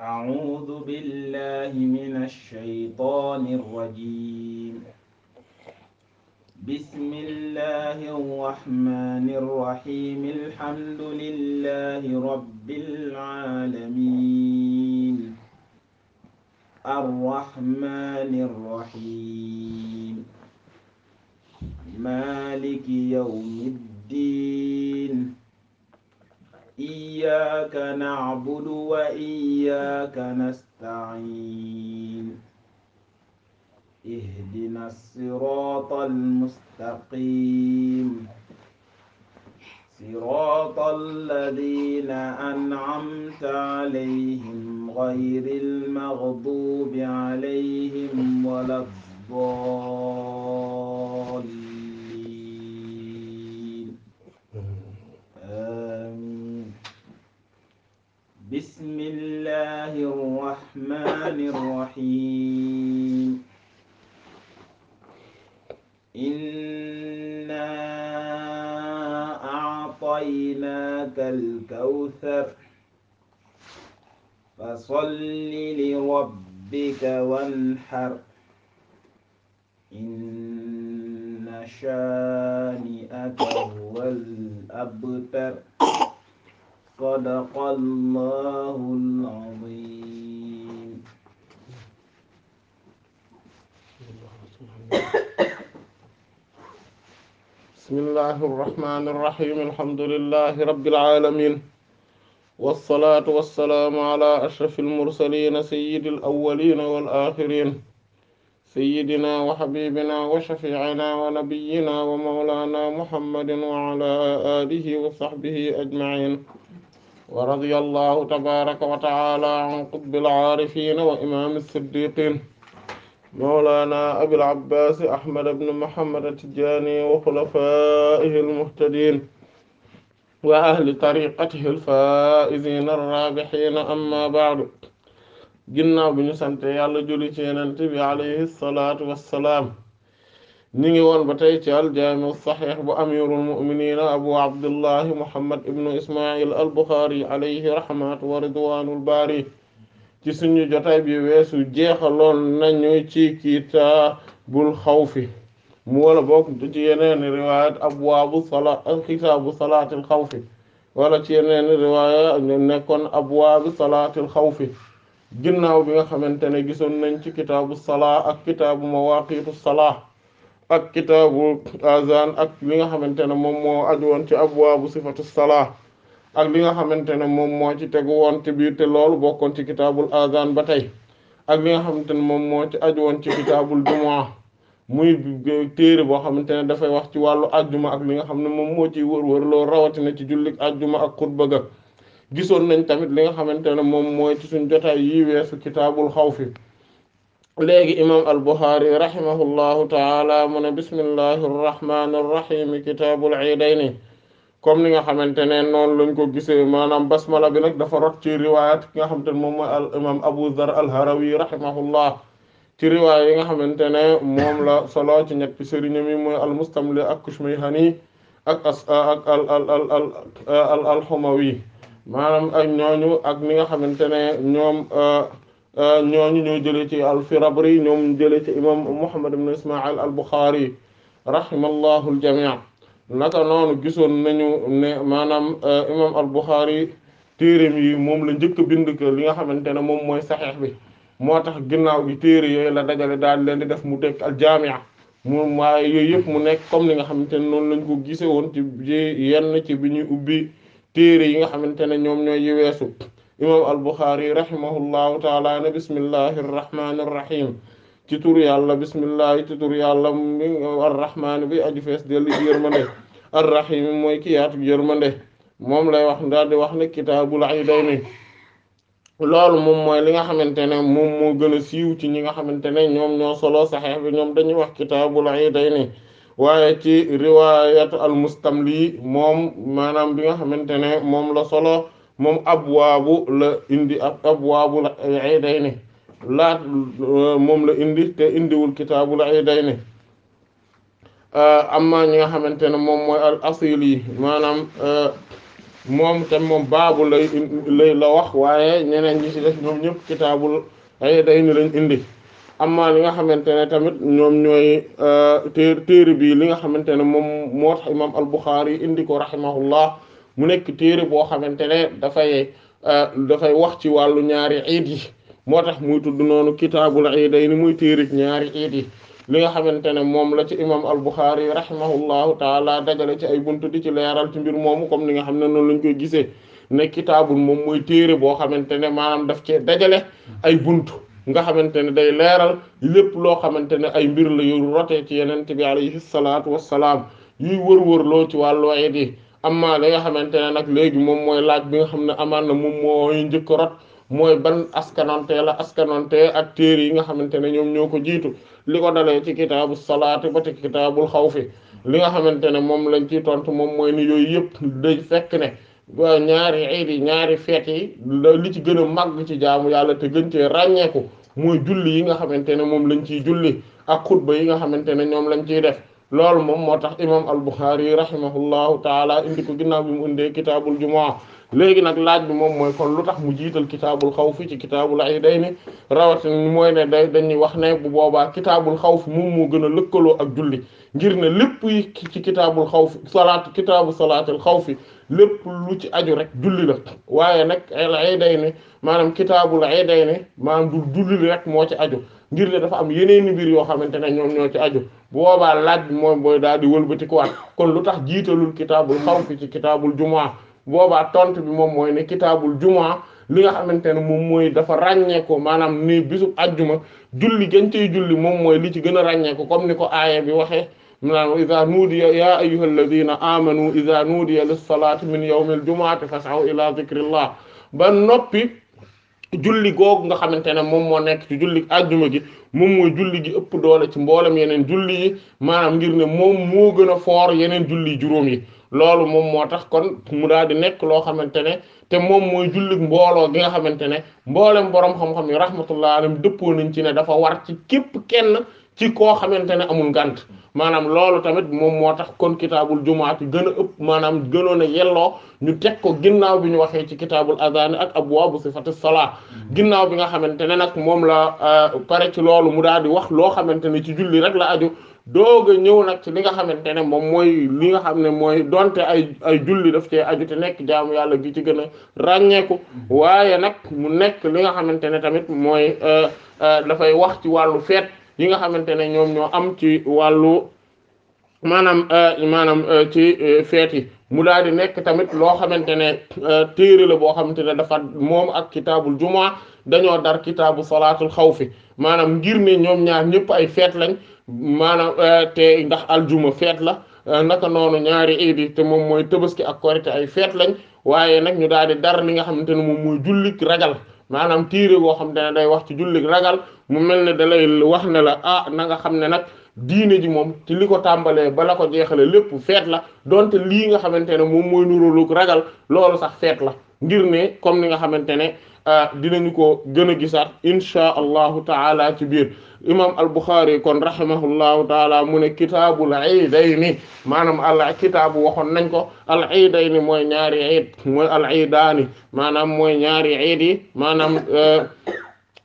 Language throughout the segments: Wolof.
أعوذ بالله من الشيطان الرجيم بسم الله الرحمن الرحيم الحمد لله رب العالمين الرحمن الرحيم مالك يوم الدين إياك نعبد وإياك نستعين اهدنا الصراط المستقيم صراط الذين أنعمت عليهم غير المغضوب عليهم ولا الضالين بسم الله الرحمن الرحيم إنا أعطيناك الكوثر فصل لربك وانحر إن شانئك هو الأبتر صدق الله العظيم بسم الله الرحمن الرحيم الحمد لله رب العالمين والصلاة والسلام على أشرف المرسلين سيد الأولين والآخرين سيدنا وحبيبنا وشفيعنا ونبينا ومولانا محمد وعلى آله وصحبه أجمعين wa radiyallahu tabaraka wa taala an qutbil aarifina wa imam siddiqin mawlana abil abbas ahmad ibn muhammad at-tijani wa khulafaihi al-muhtadin wa ahli tariqatihi al-faizina ar-rabihina amma ba'du ginnaaw bi ñu sante yàlla julli ci yenente bi alayhi salatu wassalaam ni ngi woon ba tey ci aljaami saxiix bu amirul muminina abu abdullahi muhammad ibnu ismail al buxaari alayhi rahmatu wa ridwanul baari ci suñu jotaay bi weesu jeexaloon nañu ci kitaabul xawfi mu wala bokk ci yeneen riwaayat abwaabu salaat kitaabu salaatil xawfi wala ci yeneen riwaaya nekkoon abwaabu salaatil xawfi ginnaaw bi nga xamante ne gisoon nañ ci kitaabu salaa ak kitaabu mawaqitu salaa ak kitaabu azan ak li nga xamante ne moom moo aju woon ci abwaabu sifatu salaa ak li nga xamante ne moom moo ci tegu woon ci biir te loolu bokkoon ci kitaabul azan ba tey ak li nga xamante ne moom moo ci aju woon ci kitaabul jumaa muy téere boo xamante ne dafay wax ci wàllu ajjuma ak li nga xam ne moom moo ciy wër-wër loolu rawatina ci jullik ajjuma ak xutba ga gisoon nañ tamit li nga xamante ne moom mooy ci suñ jotaay yi weesu kitaabul xawfi léegi imam al-Bukhari rahimahullahu taala mu ne bismillahi irrahmani irrahimi kitaabul iidayni comme ni nga xamante ne noonu lañ ko gisee maanaam basmala bi nag dafa rot ci riwaayat nga xamante ne moom mooy al imam Abu Dhar al-Harawi rahimahullah ci riwaaya yi nga xamante ne moom la solo ci ñetti sëriñam yi mooy al-Mustamli ak Kushmayhani ak as ak al al al al al Humawi maanaam ak ñooñu ak ni nga xamante ne ñoom euh, Euh, ñooñu ñoo jëlee ci al-Firabri ñoom jëlee ci imam Muhammad ibn Ismaa'il al-Bukhari rahimallahu al-jamii' naka noonu gisoon nañu ne maanaam euh, imam al-Bukhari téereem yi moom la njëkk a bind ko li nga xamante ne moom mooy saxiix bi moo tax ginnaaw gi téere yooyu la dajale daal leen di def mu teg al-jamii' moom waaye yooyu yëpp mu nekk comme li nga xamante ne noonu lañ ko gisee woon ci yenn ci bi ñuy ubbi téere yi nga xamante ne ñoom ñooy yi weesu. imam al-Bukhari rahimahullahu taala ne bismillahi irrahmani irrahim ci tur yàlla bismillahi ci tur yàlla bi aji fees delli ci yërmande mooy ki yaatu yërmande moom lay wax daal di wax ne kitaabul iidayni loolu moom mooy li nga xamante ne moom moo gën a siiw ci ñi nga xamante ne ñoom ñoo solo saxiix bi ñoom dañuy wax kitaabul iidayni waaye ci riwaayat al mustamli moom maanaam bi nga xamante ne moom la solo moom abwaabu la indi abwaabul iidayni laat euh, moom la indi te indiwul kitaabul iidayni euh, amma ñi nga xamante ne moom mooy al asil yi maanaam euh, moom tam moom baabu lay la wax waaye ñeneen ñi ci def ñoom ñëpp kitaabul iidayni lañ indi amma li nga xamante ne tamit ñoom ñooy téer téere bi li nga xamante ne moom moo tax imam al Bukhari indi ko rahimahullah mu nekk téere boo xamante ne dafay euh, dafay wax ci wàllu ñaari iid yi moo tax muy tudd noonu kitaabul iidayni muy téere ñaari iid yi li nga xamante ne moom la ci imam al-Bukhari rahimahullahu taala dajale ci ay buntu di ci leeral ci mbir moomu comme ni nga xam ne noonu lañ koy gisee ne kitaabul moom mooy téere boo xamante ne maam daf cee dajale ay buntu nga xamante ne day leeral lépp loo xamante ne ay mbir la yu rote ci yenente bi alayhi salaatu wassalaam yuy wër-wër loo ci wàllu yi amma li nga xamante ne nag léegi moom mooy laaj bi nga xam ne amaan na moom mooy njëkk rot mooy ban askanonte la askanonte ak téere yi nga xamante ne ñoom ñoo ko jiitu li ko dalee ci kitaabu salaati ba ci kitaabul xawfi li nga xamante ne moom lañ ci tontu moom mooy ni yooyu yëpp day fekk ne waaw ñaari iid yi ñaari feet yi li ci gën a màgg ci jaamu yàlla te gën cee ràññeeku mooy julli yi nga xamante ne moom lañ ciy julli ak xutba yi nga xamante ne ñoom lañ ciy def loolu moom moo tax imam al-Bukhari rahimahullahu taala indi ko ginnaaw bi mu indee kitaabul jumaa léegi nag laaj bi moom mooy kon lu tax mu jiital kitaabul xawfi ci kitaabul iidayni rawatina mooy ne day dañuy wax ne bu boobaa kitaabul xawf moom moo gën a lëkkaloo ak julli ngir ne lépp yi ci kitaabul xawf salaat kitaabu salaatil xawfi lépp lu ci aju rek julli la waaye nag al iidayni maanaam kitaabul iidayni maanaam du julli rek moo ci aju ngir ne dafa am yeneen mbir yoo xamante ne ñoom ñoo ci aju booba laaj bi mooy mooy daal di wëlbatikuwaat kon lu tax jiitalul kitaabul xawfi ci kitaabul jumaa boobaa tont bi moom mooy ne kitaabul jumaa li nga xamante ne moom mooy dafa ràññeeku maanaam ni bisu ajjuma julli gën cey julli moom mooy li ci gën a ràññeeku comme ni ko aaya bi waxee maanaam iza nuudiya ya ayyuha alladina amanu iza nuudiya lis salaati min yawmil jumu'ati fas'aw ila zikrillah ba noppi julli googu nga xamante ne moom moo nekk ci julli ajjuma gi moom mooy julli gi ëpp doole ci mboolem yeneen julli yi maanaam ngir ne moom moo gën a foor yeneen julli juróom yi loolu moom moo tax kon mu daal di nekk loo xamante ne te moom mooy julli mbooloo gi nga xamante ne mboolem boroom xam-xam yi rahmatullah alayhim dëppoo nañ ci ne dafa war ci képp kenn ci koo xamante ne amul ngànt maanaam loolu tamit moom moo tax kon kitaabul jumaat gën a ëpp maanaam gënoon a yelloo ñu teg ko ginnaaw bi ñu waxee ci kitaabul adaan ak abwaabu sifati salaa ginnaaw bi nga xamante ne nag moom la euh, pare ci loolu mu daal di wax loo xamante ne ci julli rek la aju doog ñëw nag ci li nga xamante ne moom mooy li nga xam ne mooy donte ay ay julli daf cee aju te nekk jaamu yàlla gi ci gën a ràññeeku waaye nag mu nekk li nga xamante ne tamit mooy euh, euh, dafay wax ci wàllu feet yi nga xamante ne ñoom ñoo am ci wàllu maanaam euh, maanaam euh, ci euh, feet yi mu daal di nekk tamit loo xamante ne téere la boo xamante ne dafa moom ak kitaabul jumaa dañoo dar kitaabu salaatul xawfi maanaam ngir ne ñoom ñaar ñëpp ay feet lañ maanaam te ndax al aljuma feet la naka noonu ñaari iidi te moom mooy tëbaski ak korite ay feet lañ waaye nag ñu daal di dar li nga xamante ne moom mooy jullik ragal maanaam téere boo xam te ne day wax ci julli ragal mu mel ne da lay wax ne la ah na nga xam ne nag diine ji moom ci li ko tàmbalee ba la ko jeexale lépp feet la donte lii nga xamante ne moom mooy nuróolug ragal loolu sax feet la ngir ne comme ni nga xamante ne Ah, dinañu ko gën a gisaat inchaa allahu taala ci biir imam al-Bukhari kon rahimahullahu taala mu ne kitaabul iidayni maanaam al kitaabu waxoon nañ ko al iidayni mooy ñaari iid mooy al iidaani maanaam mooy ñaari iid yi maanaam eh,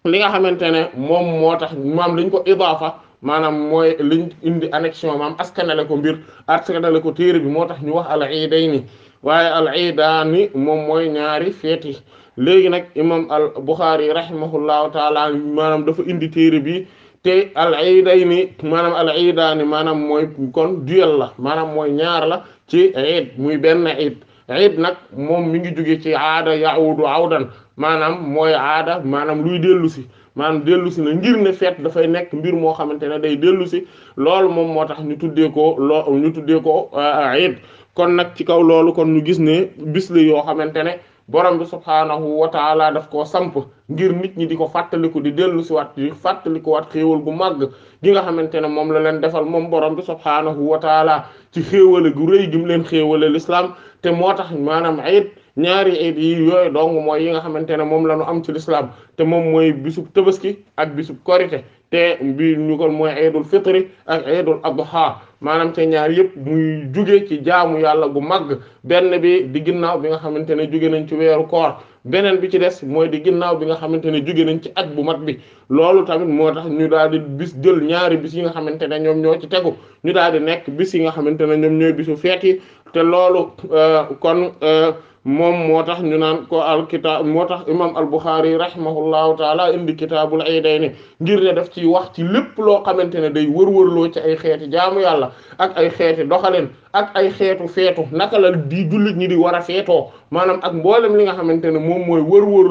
li nga xamante ne moom moo tax maam liñ ko idaafa maanaam mooy liñ indi annexion maam askanale ko mbir askanale ko téere bi moo tax ñu wax al iidayni waaye al iidaani moom mooy ñaari feeti léegi nag imam al Bukhari rahimahullahu taala maanaam dafa indi téere bi te al iidayni maanaam al iidaani maanaam mooy kon duel la maanaam mooy ñaar la ci iid muy benn iid iid nag moom mu ngi jóge ci aada yaudu awdan maanaam mooy aada maanaam luy dellu si maanaam dellu si na ngir ne feet dafay nekk mbir moo xamante ne day dellu si loolu moom moo tax ñu tuddee ko loo ñu tuddee ko euh, iid kon nag ci kaw loolu kon ñu gis ne bis la yoo xamante ne borom bi subhaanahu wa taala daf koo samp ngir nit ñi di ko fàttaliku di dellu si waat di fàttaliku waat xéewal gu màgg gi nga xamante ne moom la leen defal moom borom bi subhaanahu wa taala ci xéewale gu rëy gi mu leen xéewale l'islam te moo tax maanaam ayit ñaari ayit yi yooyu dong mooy yi nga xamante ne moom la ñu am ci lislaam te moom mooy bisub tabaski ak bisub korite te bi ñu kon mooy iidul fitri ak iidul adha maanaam te ñaar yëpp muy juge ci jaamu yàlla gu màgg benn bi di ginnaaw bi nga xamante ne jugee nañ ci weeru koor beneen bi ci des mooy di ginnaaw bi nga xamante ne juge nañ ci at bu mat bi loolu tamit moo tax ñu daal di bis jël ñaari bis yi nga xamante ne ñoom ñoo ci tegu ñu daal di nekk bis yi nga xamante ne ñoom ñooy bisu feet yi te loolu euh, kon euh, moom moo tax ñu naan ko al kitaab moo tax imam al Bukhari rahimahullahu taala indi kitaabul iidayni ngir ne daf ci wax ci lépp loo xamante ne day loo ci ay xeeti jaamu yàlla ak ay xeeti doxalin ak ay xeetu feetu naka la di jullit ñi di war a feetoo maanaam ak mboolem li nga xamante ne moom mooy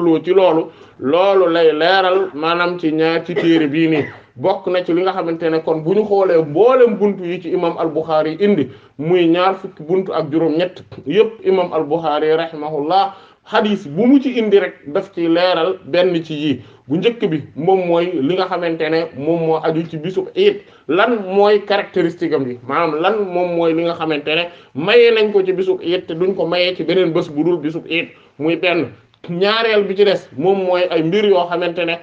loo ci loolu loolu lay leeral maanaam ci ñaar ci téere bii nii bokk na ci li nga xamante ne kon bu ñu xoolee booleem buntu yi ci imam al-Bukhari indi muy ñaar fukki buntu ak juróom-ñett yëpp imam al-Bukhari rahimahullah hadis bu mu ci indi rek daf ci leeral benn ci yii bu njëkk bi moom mooy li nga xamante ne moom moo aju ci bisub iid lan mooy caractéristique am bi maanaam lan moom mooy li nga xamante ne mayee nañ ko ci bisub iid te duñ ko mayee ci beneen bës bu dul bisub iid muy benn ñaareel bi ci des moom mooy ay mbir yoo xamante ne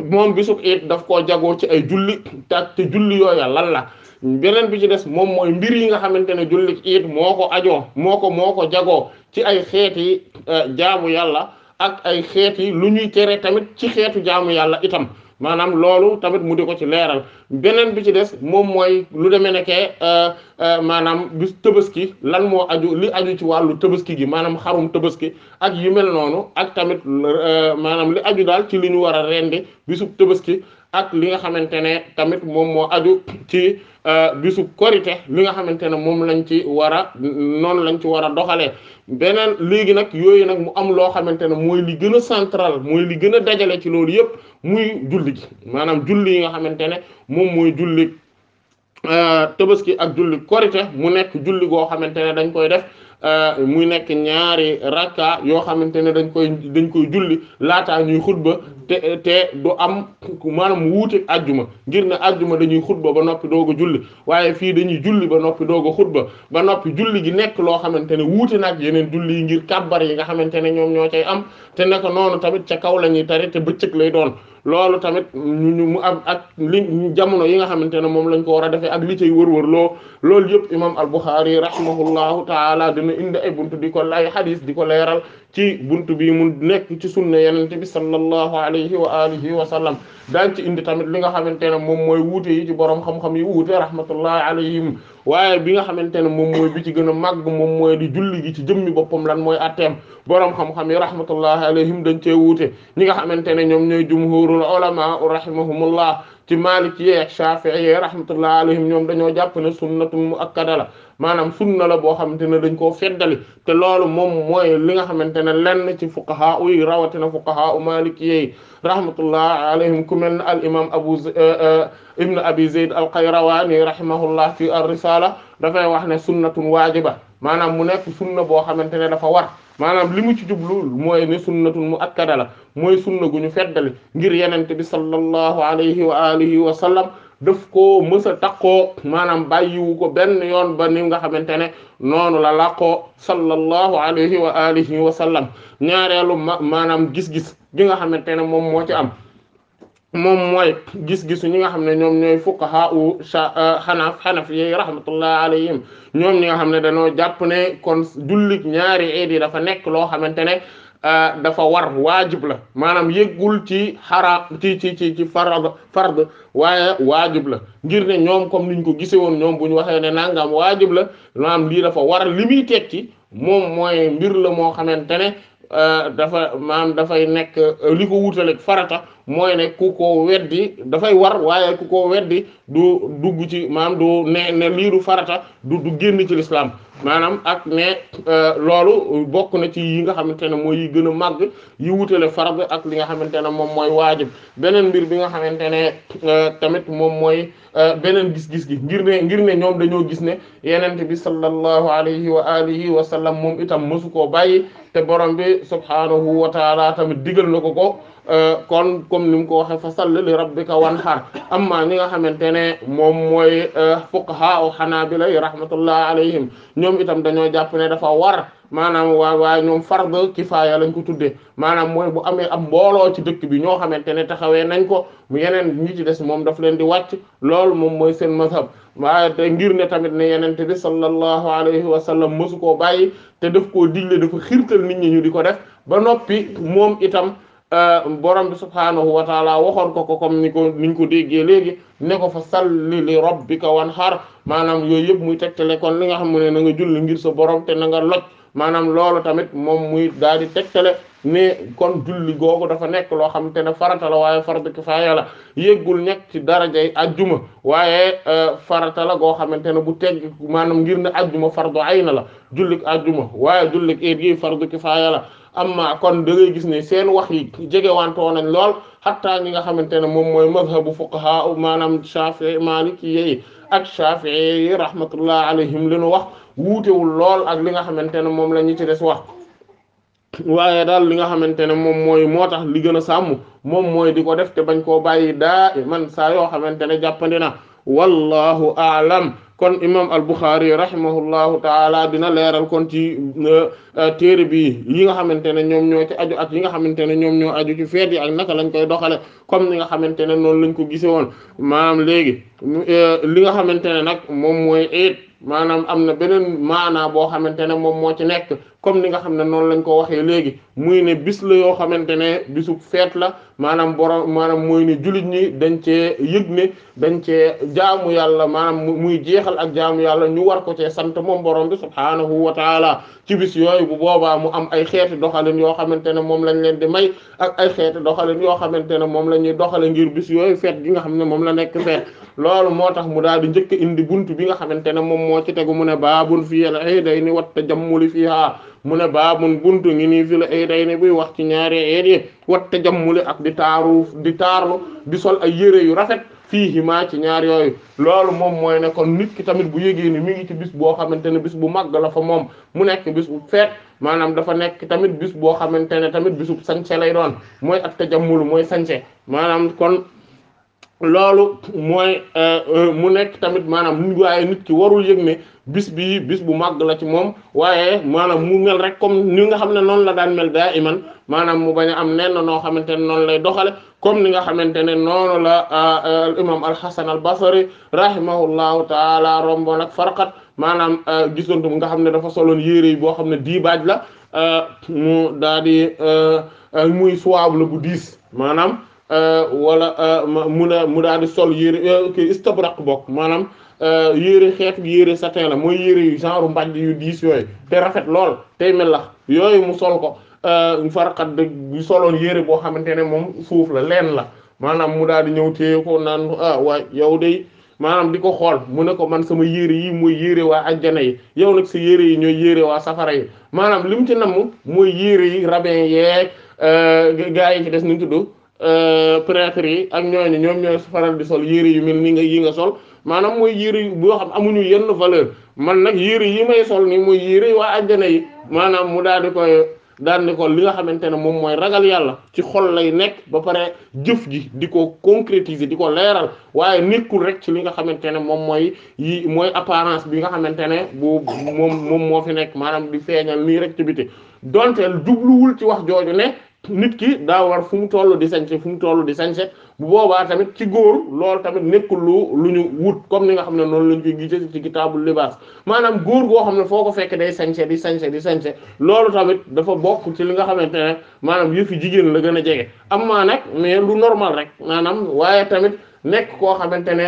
moom bisub it daf koo jago ci ay julli te julli yooya lan la beneen bi ci des moom mooy mbir yi nga xamante ne julli it moo ko ajo moo ko moo ko jagoo ci ay xeeti eh, jaamu yàlla ak ay xeeti lu ñuy cere tamit ci xeetu jaamu yàlla itam maanaam loolu tamit mu di ko ci leeral beneen bi ci des moom mooy lu demee ne ke euh, euh, maanaam bis tëbaski lan moo aju li aju ci wàllu tëbaski gi maanaam xarum tëbaski ak yu mel noonu ak tamit euh, maanaam li aju daal ci li ñu war a rendi bisub tëbaski ak li nga xamante ne tamit moom moo aju ci Euh, bisu korite li nga xamante ne moom lañ ci war a noonu lañ ci war a doxalee beneen léegi nag yooyu nag mu am loo xamante ne mooy li gën a central mooy li gën a dajale ci loolu yëpp muy julli gi maanaam julli yi nga xamante ne moom mooy julli euh, tabaski ak julli korite mu nekk julli goo xamante ne dañ koy def euh, muy nekk ñaari rakka yoo xamante ne dañ koy dañ koy julli laataa ñuy xutba te te am maanaam wuute ajjuma ngir ne ajjuma dañuy xutba ba noppi doog julli waaye fii dañuy julli ba noppi doog a xutba ba noppi julli gi nekk loo xamante ne wuute nag yeneen julli yi ngir kàbbar yi nga xamante ne ñoom ñoo cay am te naka noonu tamit ca kaw la ñuy tare te bëccëg lay doon loolu tamit ñu ñu mu ak li jamono yi nga xamante ne moom lañ ko war a defee ak li cay wër-wër loo loolu yëpp imam al-Bukhari rahimahullahu taala dina indi ay buntu di ko lay xadis di ko leeral ci bunt bi mu nekk ci sunna yenente bi sallallahu alayhi wa alihi wa sallam daañ ci indi tamit li nga xamante ne moom mooy wuute yi ci borom xam-xam yi wuute rahmatullahi alayhim waaye bi nga xamante ne moom mooy bi ci gën a màgg moom mooy di julli gi ci jëmmi boppam lan mooy atteem borom xam-xam yi rahmatullahi alayhim dañ cee wuute ñi nga xamante ne ñoom ñooy jumhurul ulama rahimahumullah ci maliki yeeg shafi'i rahmatullahi alayhim ñoom dañoo jàpp ne sunnatun muakkada la maanaam sunna la boo xamante ne dañ koo feddali te loolu moom mooy li nga xamante ne lenn ci fuqaha uy rawatina fuqaha u maliki yi rahmatullah alayhim ku mel ne al imam abu eh, eh, ibn abi zayd al qayrawani rahimahullah fi ar risala dafay wax ne sunnatun waajiba maanaam mu ne fu sunna boo xamante ne dafa war maanaam li mu ci jublu mooy ne sunnatun mu akkada la mooy sunna gu ñu feddali ngir yenente bi sallallahu alayhi wa alihi wa dëf ko mës a takkoo maanaam bàyyiwu ko benn yoon ba ni nga xamante ne noonu la làqoo sallallahu alayhi wa alihi wa sallam ñaareelu ma maanaam gis-gis gi nga xamante ne moom moo ci am moom mooy gis-gisu ñi nga xam ne ñoom ñooy fuqaha u xanaaf ah, xanaf yi rahmatullah alayhim ñoom ñi nga xam ne dañoo jàpp ne kon jullit ñaari iid yi dafa nekk loo xamante ne Euh, dafa war waajib la maanaam yëggul ci xaraam ci ci ci ci fard fard waaye waajib la ngir ne ñoom comme niñ ko gisee woon ñoom bu ñu waxee ne nangam waajib la maanaam lii dafa war li muy tekki moom mooy mbir la moo xamante ne euh, dafa maam dafay nekk euh, li ko wutaleeg farata mooy ne ku ko weddi dafay war waaye ku ko weddi du dugg ci maam du ne ne liiru farata du du génn ci lislaam maanaam ak ne euh, loolu bokk na ci yi nga xamante ne mooy yi gën a màgg yi wutale farab ak li nga xamante ne moom mooy waajib beneen mbir bi nga xamante ne euh, tamit moom mooy euh, beneen gis-gis gi ngir ne ngir ne ñoom dañoo gis ne yenente bi sallallahu alayhi wa alihi wa sallam moom itam mësu koo bàyyi te borom bi subhaanahu wa taala tamit digal na ko ko Euh, kon comme ni mu ko waxee fa salli li rabbika wanhar amma ni nga xamante ne moom mooy euh, fuqaha o hanabila rahmatullah alayhim ñoom itam dañoo jàpp ne dafa war maanaam waa waa ñoom fard kifaaya lañ ko tuddee maanaam mooy bu amee ab mbooloo ci dëkk bi ñoo xamante ne taxawee nañ ko mu yeneen ñi ci des moom daf leen di wàcc lool moom mooy seen mazhab waaye te ngir ne tamit ne yenente bi sallallahu alayhi wa sallam mësu koo bàyyi te def koo digle dafa xirtal nit ñi ñu di ko def ba noppi moom itam Euh, borom bi subhaanahu wa taala waxoon ko ko comme ni ko niñ ko déggee léegi ne ko fa salli li wan xaar maanaam yooyu yëpp muy tegtale kon li nga xam ne na nga julli ngir sa borom te na nga loj maanaam loolu tamit moom muy daal di tegtale ne kon julli googu dafa nekk loo xamante ne farata la waaye fardu kifaaya la yëggul nekk ci darajay ajjuma waaye euh, farata la goo xamante ne bu tegg maanaam ngir ne ajjuma fardu ayna la jullik ajjuma waaye jullik iid gi fardu kifaaya la amma kon da gis ne seen wax yi jegewantoo nañ lool xattaa ñi nga xamante ne moom mooy mazhabu fuqaha maanaam shafii maliki yi ak shafii yi rahmatullah alayhim li nu wax wuutewul lool ak li nga xamante ne moom la ñu ci des wax waaye daal li nga xamante ne moom mooy moo tax li gën a sàmm moom mooy di ko def te bañ koo bàyyi daal man saa yoo xamante ne jàppandi na wallahu aalam kon imam al Bukhari rahimahullahu taala dina leeral kon ci euh, téere bi yi nga xamante ne ñoom ñoo ci aju ak yi nga xamante ne ñoom ñoo aju ci feet yi ak naka lañ koy doxale comme ni nga xamante ne noonu lañ ko gise woon maanaam léegi euh, li nga xamante ne nag moom mooy eet maanaam am na beneen maanaa boo xamante ne moom moo ci nekk comme ni nga xam ne noonu lañ ko waxee léegi muy ne bis la yoo xamante ne bisu feet la maanaam borom maanaam muy ne jullit ñi dañ cee yëg ne dañ cee jaamu yàlla maanaam muy jeexal ak jaamu yàlla ñu war ko cee sant moom borom bi subhaanahu wa taala ci bis yooyu bu boobaa mu am ay xeeti doxalin yoo xamante ne moom lañ leen di may ak ay xeeti doxalin yoo xamante ne moom la ñuy doxale ngir bis yooyu feet gi nga xam ne moom la nekk feet loolu moo tax mu daal di njëkk indi bunt bi nga xamante ne moom moo ci tegu mu la baabun day ni iidayni wat tajammuli fiihaa mu ne baabun buntu ngi nii fi la ay day ne buy wax ci ñaari eet yi watte ak di taaru di taarlu di sol ay yëre yu rafet fii ma ci ñaar yooyu loolu moom mooy ne kon nit ki tamit bu yégee ni mi ngi ci bis boo xamante ne bis bu màgg la fa moom mu nekk bis bu feet maanaam dafa nekk tamit bis boo xamante ne tamit bisu sañse lay doon mooy ak tajammul mooy sañse maanaam kon loolu mooy euh, euh, mu nekk tamit maanaam waaye nit ki warul yëg ne bis bii bis bu màgg la ci moom waaye maanaam mu mel rek comme ni nga xam ne noonu la daan mel daa iman maanaam mu a am nenn noo xamante ne noonu lay doxale comme ni nga xamante ne noonu la al euh, imam al hasan al basri rahimahullahu taala romboon ak farqat maanaam gisoon nga xam ne dafa soloon yére yi boo xam ne diibaaj la mu daa di muy suwaab la bu diis maanaam Euh, wala euh, mun a mu daal di sol yére euh, ki istabraq bokk maanaam yére xeetu yére satin la mooy yére yu genre mbàjj yu diis yooyu te rafet lool tey mel la yooyu mu sol ko faraqat de soloon yére boo xamante ne moom suuf la leen la maanaam mu daal di ñëw téye ko naan ah yow de maanaam di ko xool mu ne ko man sama yére yi mooy yére waa ajjana yi yow nag sa yére yi ñooy yére waa safara yi maanaam li mu ci mu mooy yére yi rabin yeeg gaa yi ci des ñu tudd. Euh, prêtre yi ak ñooñu ñoom ñooy faral di sol yére yu mel ni nga yi nga sol maanaam mooy yére boo xam amuñu yenn valeur man nag yére yi may sol nii mooy yére waa àjjana yi maanaam mu daal di koy daal di ko li nga xamante ne moom mooy ragal yàlla ci xol lay nekk ba pare jëf gi di ko concrétiser di ko leeral waaye nekkul rek ci li nga xamante ne moom mooy yi mooy apparence bi nga xamante ne bu moom moom moo fi nekk maanaam di feeñal nii rek ci biti donte jubluwul ci wax jooju ne nit ki daa war fu mu toll di sañse fu mu toll di sañse bu boobaa tamit ci góor loolu tamit nekkul lu lu ñu wut comme ni nga xam ne noonu lañ koy gisee ci kitaabul libaas maanaam góor goo xam ne foo ko fekk day sañse di sañse di sañse loolu tamit dafa bokk ci li nga xamante ne maanaam yëfi jigéen la gën a jege am maa nag mais lu normal rek maanaam waaye tamit nekk koo xamante ne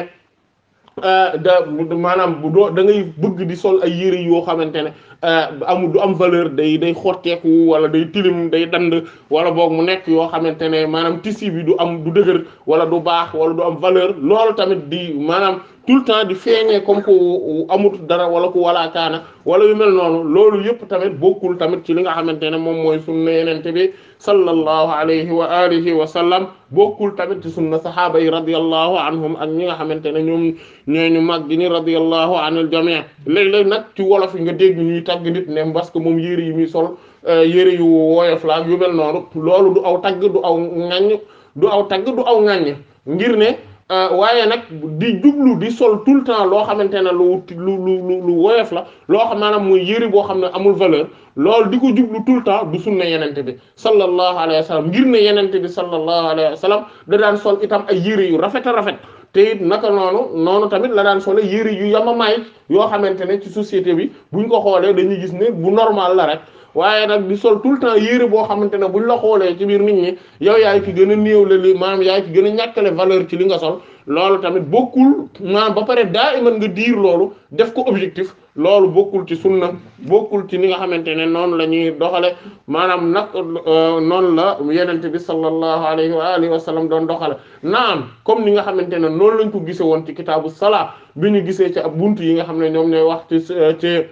euh, da maanaam bu doo da ngay bëgg di sol ay yére yoo xamante ne Euh, amul du am valeur day day xotteeku wala day tilim day dand wala boog mu nekk yoo xamante ne maanaam tissu bi du am du dëgër wala du baax wala du am valeur loolu tamit di maanaam tout le temps di feeñee comme ku amut dara wala ku walaakaana wala yu mel noonu loolu yëpp tamit kul tamit ci li nga xamante ne moom mooy sunna yenente bi sallallahu alayhi wa alihi wa sallam bokkul tamit ci sunna sahaaba yi an anhum ak ñi nga xamante ne ñoom ñooñu mag gi ni radiyallahu anil jami' léeg tagg nit ne parce que moom yére yi muy sol euh, yére yu woyof la yu mel noonu loolu du aw tagg du aw ŋaññ du aw tagg du aw ŋaññ ngir ne euh, waaye nag di jublu di sol tout le temps loo xamante ne lu lu lu lu woyof la loo xam maanaam mooy yére boo xam ne amul valeur loolu di ko jublu tout le temps du sunna yenente bi sallallahu alayhi wa ngir ne yenente bi sallallahu alayhi wa da daan sol itam a yére yu rafet a rafet te it naka noonu noonu tamit la daan solo yére yu yamamaay yoo xamante ne ci société bi bu ñu ko xoolee dañuy gis ne bu normal la rek waaye nag di sol tout le temps yére boo xamante ne buñ la xoolee ci biir nit ñi yow yaay ki gën a néew la li maanaam yaay ki gën a ñàkkale valeur ci li nga sol loolu tamit bokkul maanaam ba pare daa iman nga diir loolu def ko objectif loolu bokkul ci sunna bokkul ci ni nga xamante ne noonu la ñuy doxale maanaam nag euh, noon la yenente bi sallallahu alayhi wa alihi wa sallam doon doxale naam comme ni nga xamante ne noonu lañ ko gise woon ci kitaabu salaa bi ñu gisee ci ab bunt yi nga xam ne ñoom ñooy wax ci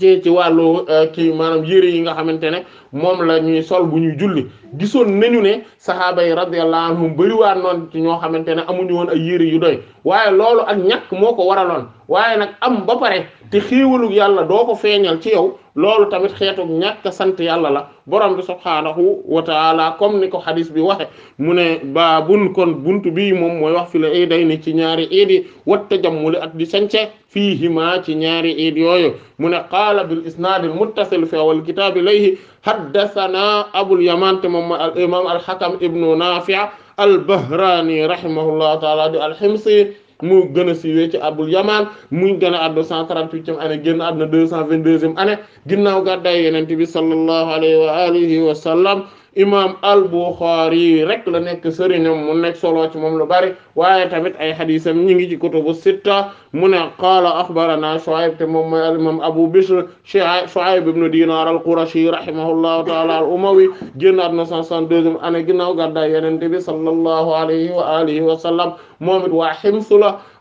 ci ci wàllu euh, kii maanaam yére yi nga xamante ne moom lañuy sol bu ñuy julli gisoon nañu ne sahaaba yi radiyallahu anhum bëriwaat noon ci ñoo xamante ne amuñu woon ay yére yu doy waaye loolu ak ñàkk moo ko waraloon waaye nag am ba pare te xéewalu yàlla doo ko feeñal ci yow loolu tamit xeetu ñàkk sant yàlla la borom bi subhaanahu wa taala comme ni ko xadis bi waxe mu ne baa bun kon buntu bii moom mooy wax fi la iiday ci ñaari iidi watta jammuli at di sance fiihima ci ñaari iid yooyu mu ne qaala bil isnaadil muttasil fi awal kitaab ilayhi haddathana abul yaman te moom al imam al hakam ibnu nafi' al bahraani rahimahullahu taala di al himsi mu gën a siiwee ci abul yamaan muy gën a àdduna 138e année cent àdduna 222e année ginnaaw gàddaay yonent bi sallallahu alayhi wa alihi wa sallam imam al-Bukhari rek la nekk sëriñam mu nekk solo ci moom lu bari waaye tamit ay xadisam ñi ngi ci kutubu sitta mu ne qaala axbarana Shuayb te moom mooy al-imam Abu Bishr Shuayb ibn Dinar al-Qurashi rahimahullahu ta'ala al-Umawi génn àdduna 162e année ginnaaw gàddaay Yonent bi sallallahu alayhi wa alihi wa sallam moom it waa Hims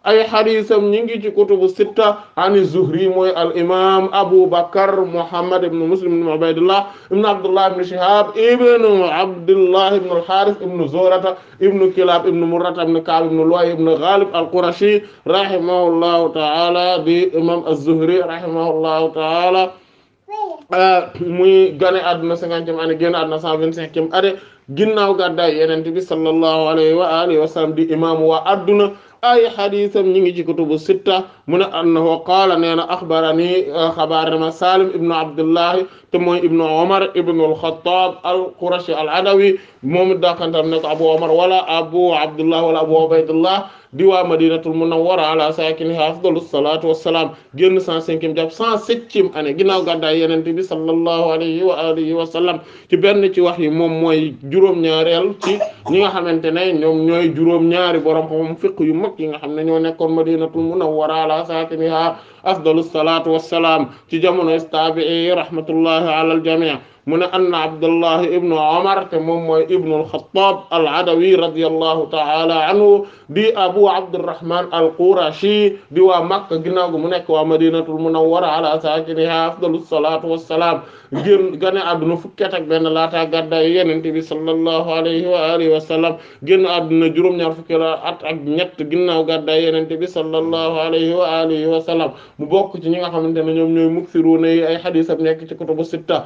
ay xadisam ñi ngi ci kutubu sitta ani zuhri mooy al imam abu bakar muhammad ibn muslim ibn ubaydillah ibn abdullah ibn shihab ibn abdullah ibn al harith ibn zurata ibn kilab ibn murrata ibn ka'b ibn luay ibn ghalib al qurashi rahimahullahu ta'ala di imam az-zuhri rahimahullahu ta'ala muy gane àdduna cinquantième année génn àdduna cent vingt-cinquième année ginnaaw gàddaay yonent bi sallallahu alayhi wa alihi wa sallam di imam wa àdduna ay xadisam ñi ngi ci kutubu sitta mu an annahu qaala nee na axbarani xabaar na ma Salim ibnu Abdullahi te mooy ibnu omar ibnu alxataab alqurashi aladawi moom daakantam nekk abu omar wala abu abdullah wala abu ubaydullah di waa madinatul munawwara ala saakinihaa afdalu salaatu wassalaam génn cent cinquième jàpp cent septième année ginnaaw gàddaay yenente bi sallallahu alayhi wa alihi wa sallam ci benn ci wax yi moom mooy juróom-ñaareel ci ñi nga xamante ne ñoom ñooy juróom-ñaari borom xam fiq yu mag yi nga xam ne ñoo nekkoon madinatul munawwara ala saakinihaa afdalu salaatu wassalaam ci jamono taabi'i rahmatullahi ala al jami' mu ne anna abdullah ibnu omar te moom mooy ibnu alxataab aladawi radiallahu taala anhu di abu abdurrahman alqurashi di waa makka ginnaaw gu mu nekk waa madinatul munawwara ala saakiniha afdalu salatu wassalaam gén gane adduna fukki at ak benn laataa gàddaay yenen bi sallallahu alayhi wa alihi wa adduna juróom-ñaar fukki at ak ñett ginnaaw gàddaay yenente bi sallallahu alayhi wa alihi wa sallam mu bokk ci ñi nga xamante ne ñoom ñooy muksiruuna yi ay xadiisam nekk ci kutubu sitta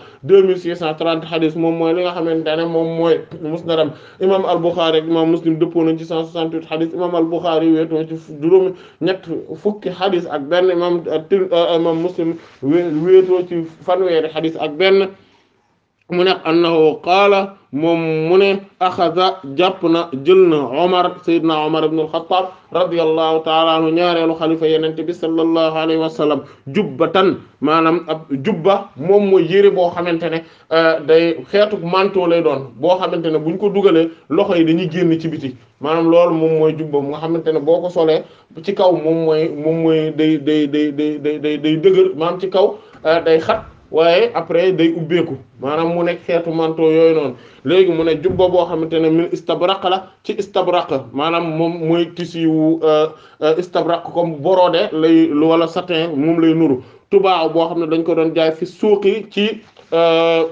six cent trente xadis moom mooy li nga xamante ne moom mooy musnadam imam al-Bukhari ak imam Muslim dëppoo nañ ci cent al-Bukhari wéetoo ci juróomi ñett fukki xadis ak benn imam euh, imam Muslim wéetoo ci fanweeri xadis ak benn mu annahu qaala moom mu ne axaza jàpp na jël na omar sayyidna omar ibn al-Khattab radiyallahu taala anhu ñaareelu xalifa yenente bi sallallahu alayhi wa sallam tan maanaam ab jubba moom mooy yére boo xamante ne euh, day xeetu manteau lay doon boo xamante ne bu buñ ko dugalee loxo yi dañuy génn ci biti maanaam loolu moom mooy jubba mu nga xamante ne boo ko solee ci kaw moom mooy moom mooy day day day day day day dëgër maanaam ci kaw euh, day xat waaye après day ubbeeku maanaam mu nekk xeetu manteau yooyu noonu léegi mu ne jubba boo xamante ne min istabraq la ci istabraq maanaam moom mooy tissu wu euh, euh, istabraq comme borode lay wala satin moom lay nuru tubaaw boo xam ne dañ ko doon jaay fi suuqi ci euh,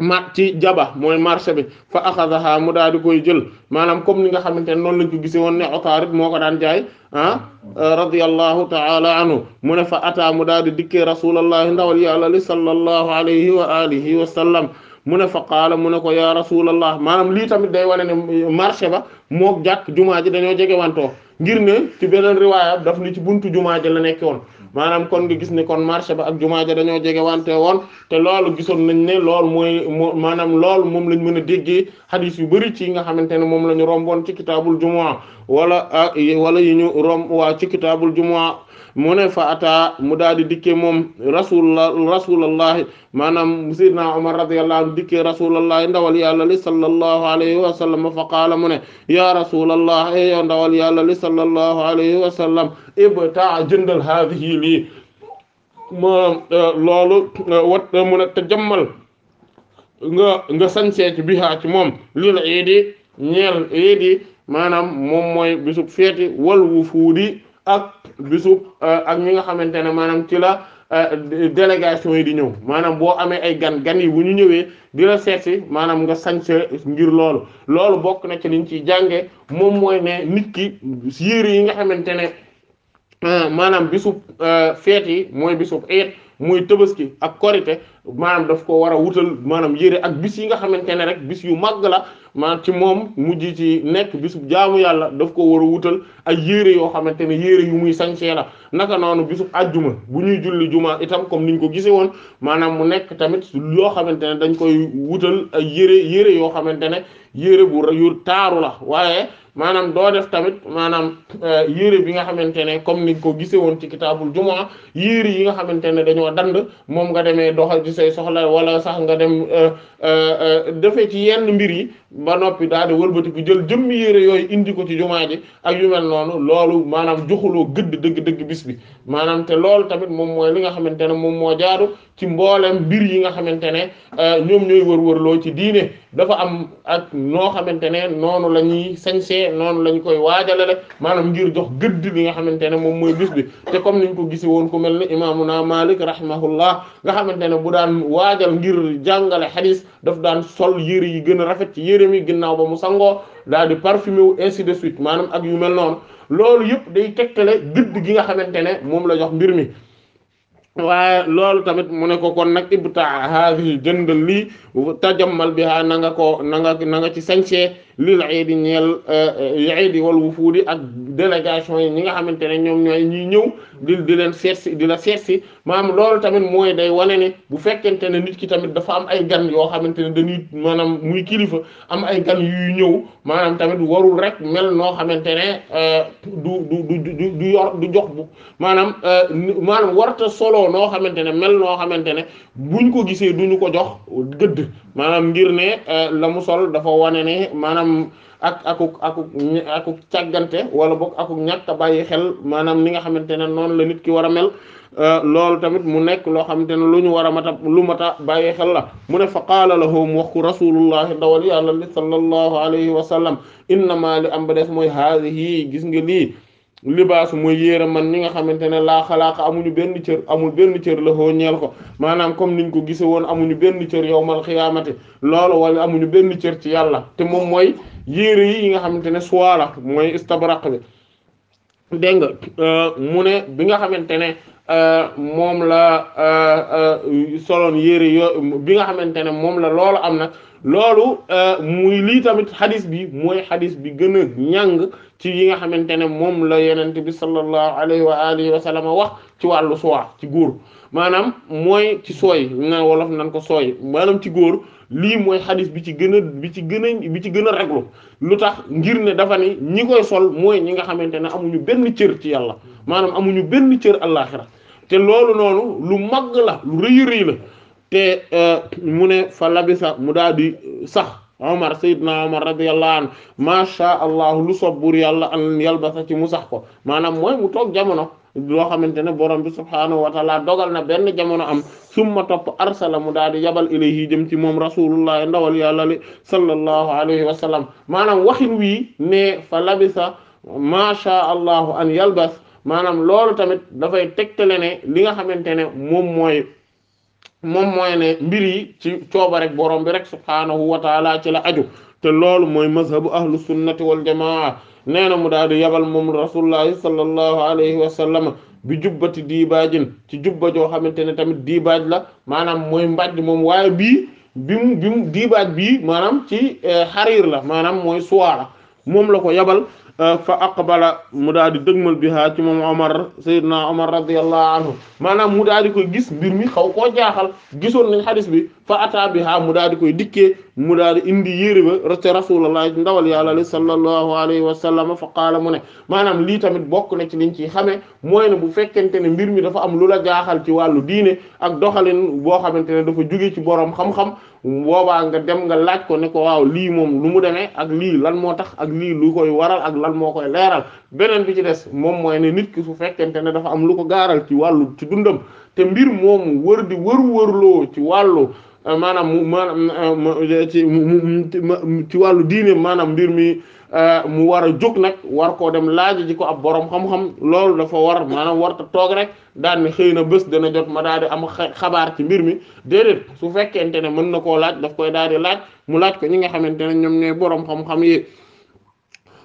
ma ci jaba mooy marché bi fa axadaha mu daal di koy jël maanaam comme ni nga xamante ne noonu lañ ko gisee woon ne Utarib moo ko daan jaay ah radiyallahu taala anhu mu ne fa ata mu daal di dikkee rasulallahi ndawal yàlla li sallallahu alayhi wa alihi wa sallam mu ne fa qaala mu ne ko ya rasulallah maanaam lii tamit day wane ne marché ba mook jàkk jumaa ji dañoo jege wantoo ngir ne ci beneen riwaaya daf ni ci buntu jumaa ji la nekk won maanaam kon nga gis ne kon marché ba ak jumaa ja dañoo jege wante woon te loolu gisoon nañ ne lool mooy moo maanaam moom lañ mën a déggee xadis yu bëri ci yi nga xamante ne moom la ñu romboon ci kitaabul jumaa wala ah, wala yi ñu rom waa ci kitaabul jumaa mu ne fa ata mu daal di dikke moom rasulullah rasulallahi maanaam sayyidina Umar radiyallahu anhu dikke rasulallahi ndawal yàlla li sallallahu alayhi wa sallam fa qaala mu ne ya rasulallah e ndawal yàlla li sallallahu alayhi wa sallam ibta jëndal haadihi lii ma eh, loolu eh, wat eh, mu ne te jëmmal nga nga sañsee ci bihaa ci moom lii la iidi ñeel iidi maanaam moom ak bisub euh, ak ñi nga xamante ne maanaam ci la euh, délégation yi di ñëw maanaam boo amee ay gan gan yi bu ñu ñëwee di la seetsi maanaam nga sañse ngir loolu loolu bokk na ci liñ ciy jànge moom mooy ne nit ki yére yi nga xamante ne euh, maanaam bisub feet yi mooy bisub eet muy tëbaski ak korite maanaam daf ko war a wutal maanaam yére ak bis yi nga xamante ne rek bis yu màgg la maanaam ci moom mujj ci nekk bis jaamu yàlla daf ko war a wutal ay yére yoo xamante ne yére yu muy sañcee la naka noonu bisu ajjuma bu ñuy julli juma itam comme niñ ko gisee woon maanaam mu nekk tamit yoo xamante ne dañ koy wutal ay yére yére yoo xamante ne yére bu yu taaru la waaye maanaam doo def tamit maanaam euh, yére bi nga xamante ne comme niñ ko gisee woon ci kitaabul juma yére yi nga xamante ne dañoo dand moom nga demee doxal doxati say soxla wala sax nga dem euh, euh, euh, defee ci yenn mbir yi ba noppi daal di wëlbatiku jël jëmmi yére yooyu indi ko ci jumaa ji ak yu noonu loolu maanaam joxuloo gëdd dëgg-dëgg bis bi maanaam te loolu tamit moom mooy li nga xamante ne moom moo jaadu ci mboolem mbir yi nga xamante ne euh, ñoom ñooy wër-wërloo ci diine dafa am ak noo xamante ne noonu la ñuy sañsee noonu la ñu koy waajale maanaam ngir jox gëdd li nga xamante ne moom mooy bis te comme niñ ko gisi woon ku mel ni imaamuna Malik rahimahullah nga xamante ne bu daan waajal ngir jàngale xadis daf daan sol yére yi gën a rafet ci yére yéreem yi ginnaaw ba mu sangoo daal di parfumé wu ainsi de suite maanaam ak yu mel noonu loolu yëpp day tegtale gëdd gi nga xamante ne moom la jox mbir mi waaye loolu tamit mu ne ko kon nag ibta haadihi jëndal lii tajammal biha na nga ko na nga na nga ci sañcee lil iidi ñeel euh, euh, iidi wal wufuudi ak délégation yi ñi nga xamante ne ñoom ñooy ñuy ñëw di di leen seet si di la seet si maanaam loolu tamit mooy day wane ne bu fekkente ne nit ki tamit dafa am ay gan yoo xamante ne dañuy maanaam muy kilifa am ay gan yuy ñëw maanaam tamit warul rek mel noo xamante ne euh, du du du du yor du jox bu maanaam maanaam warta solo noo xamante ne mel noo xamante ne buñ ko gisee du ñu ko jox gëdd maanaam ngir ne la sol dafa wane ne maanaam ak akuk akuk càggante wala boog akuk ñàkk bàyyi xel maanaam li nga xamante ne noon la nit ki war a mel euh, loolu tamit mu nekk loo xamante ne lu ñu war a mat lu mat a bàyyi xel la mu ne fa qaala lahum wax ku rasulullahi dawal yàlla li sallallahu alayhi wa sallam innama li am ba des mooy haadihi gis nga lii libaas mooy yére man ñi nga xamante ne laa xalaaka amuñu benn cër amul benn cër la hoo ko maanaam comme niñ ko gise woon amuñu benn cër yawmal xiyaamati loolu wala amuñu benn cër ci yàlla te moom mooy yére yi yi nga xamante ne suwaa mooy istabraq bi dégg nga euh, mu ne bi nga xamante ne euh, moom la euh, soloon yéere nga xamante ne moom la loolu am na loolu euh, muy lii tamit xadis bi mooy xadis bi gën a njàng ci yi nga xamante ne moom la yenent bi sallallahu alayhi wa alihi wa wax ci wàllu soie ci góor maanaam mooy ci sooy na wolof nan ko sooy maanaam ci góor lii mooy xadis bi ci gën a bi ci gën a bi ci gën a raglu lu tax ngir ne dafa ni ñi koy sol mooy ñi nga xamante ne amuñu benn cër ci yàlla maanaam amuñu benn cër àllaaxira te loolu noonu lu mag la lu rëy rëy la te eh, mu ne fa labisa mu daal di sax omar sayidna omar radiyallahu anhu macha allah lu sob buur yàlla an yalbasa ci mu sax ko maanaam mooy mu toog jamono loo xamante ne borom bi subhaanahu wa taala dogal na benn jamono am summa topp arsala mu daal yabal ilayhi jëm ci moom rasulullah ndawal yàlla li sallallahu alayhi wa sallam maanaam waxin wi ne fa labisa macha allah an yalbas maanaam loolu tamit dafay tegtale ne li nga xamante ne moom mooy moom mooy ne mbir yi ci cooba rek borom bi rek subhaanahu wa taala ci la aju te loolu mooy mazhabu ahlu sunnati wal jamaa nee na mu daal di yabal moom rasulullahi sallallahu alayhi wa sallam bi jubbati diibaajin ci jubba joo xamante ne tamit diibaaj la maanaam mooy mbàjj moom waaye bi mu bi mu diibaaj bii maanaam ci eh, xariir la maanaam mooy suwaara moom la ko yabal Euh, fa aqbala mu daal di dëgmal biha ci moom Omar Seydina Omar radiyallahu anhu maanaam mu daal di ko gis mbir mi xaw koo jaaxal gisoon nañ xadis bi fa ataa biha mu daal di koy dikkee mu daal di indi yére ba rete rasulullah ndawal yàlla li sallallahu alayhi wa sallam fa qaala mu ne maanaam lii tamit bokk na ci liñ ciy xamee mooy ne bu fekkente ne mbir mi dafa am lu la jaaxal ci wàllu diine ak doxalin boo xamante ne dafa jóge ci boroom xam-xam nga dem nga laaj ko ne ko waaw lii moom lu mu demee ak lii lan moo tax ak lii lu koy waral ak lan moo koy leeral beneen bi ci des moom mooy ne nit ki su fekkente ne dafa am lu ko gaaral ci wàllu ci dundam te mbir moomu wër di wër wërloo ci wàllu Euh, maanaam mu maanaam euh, euh, ci ci wàllu diine maanaam mbir mi mu war a jóg nag war koo dem laaj ji ko ab borom xam-xam loolu dafa war war warta toog rek daan ne xëy na bés dana jot ma daal di am xabaar ci mbir mi déedéet su fekkente ne mën na koo laaj daf koy daal di laaj mu laaj ko ñi nga xamante ne ñoom ñooy borom xam-xam yi.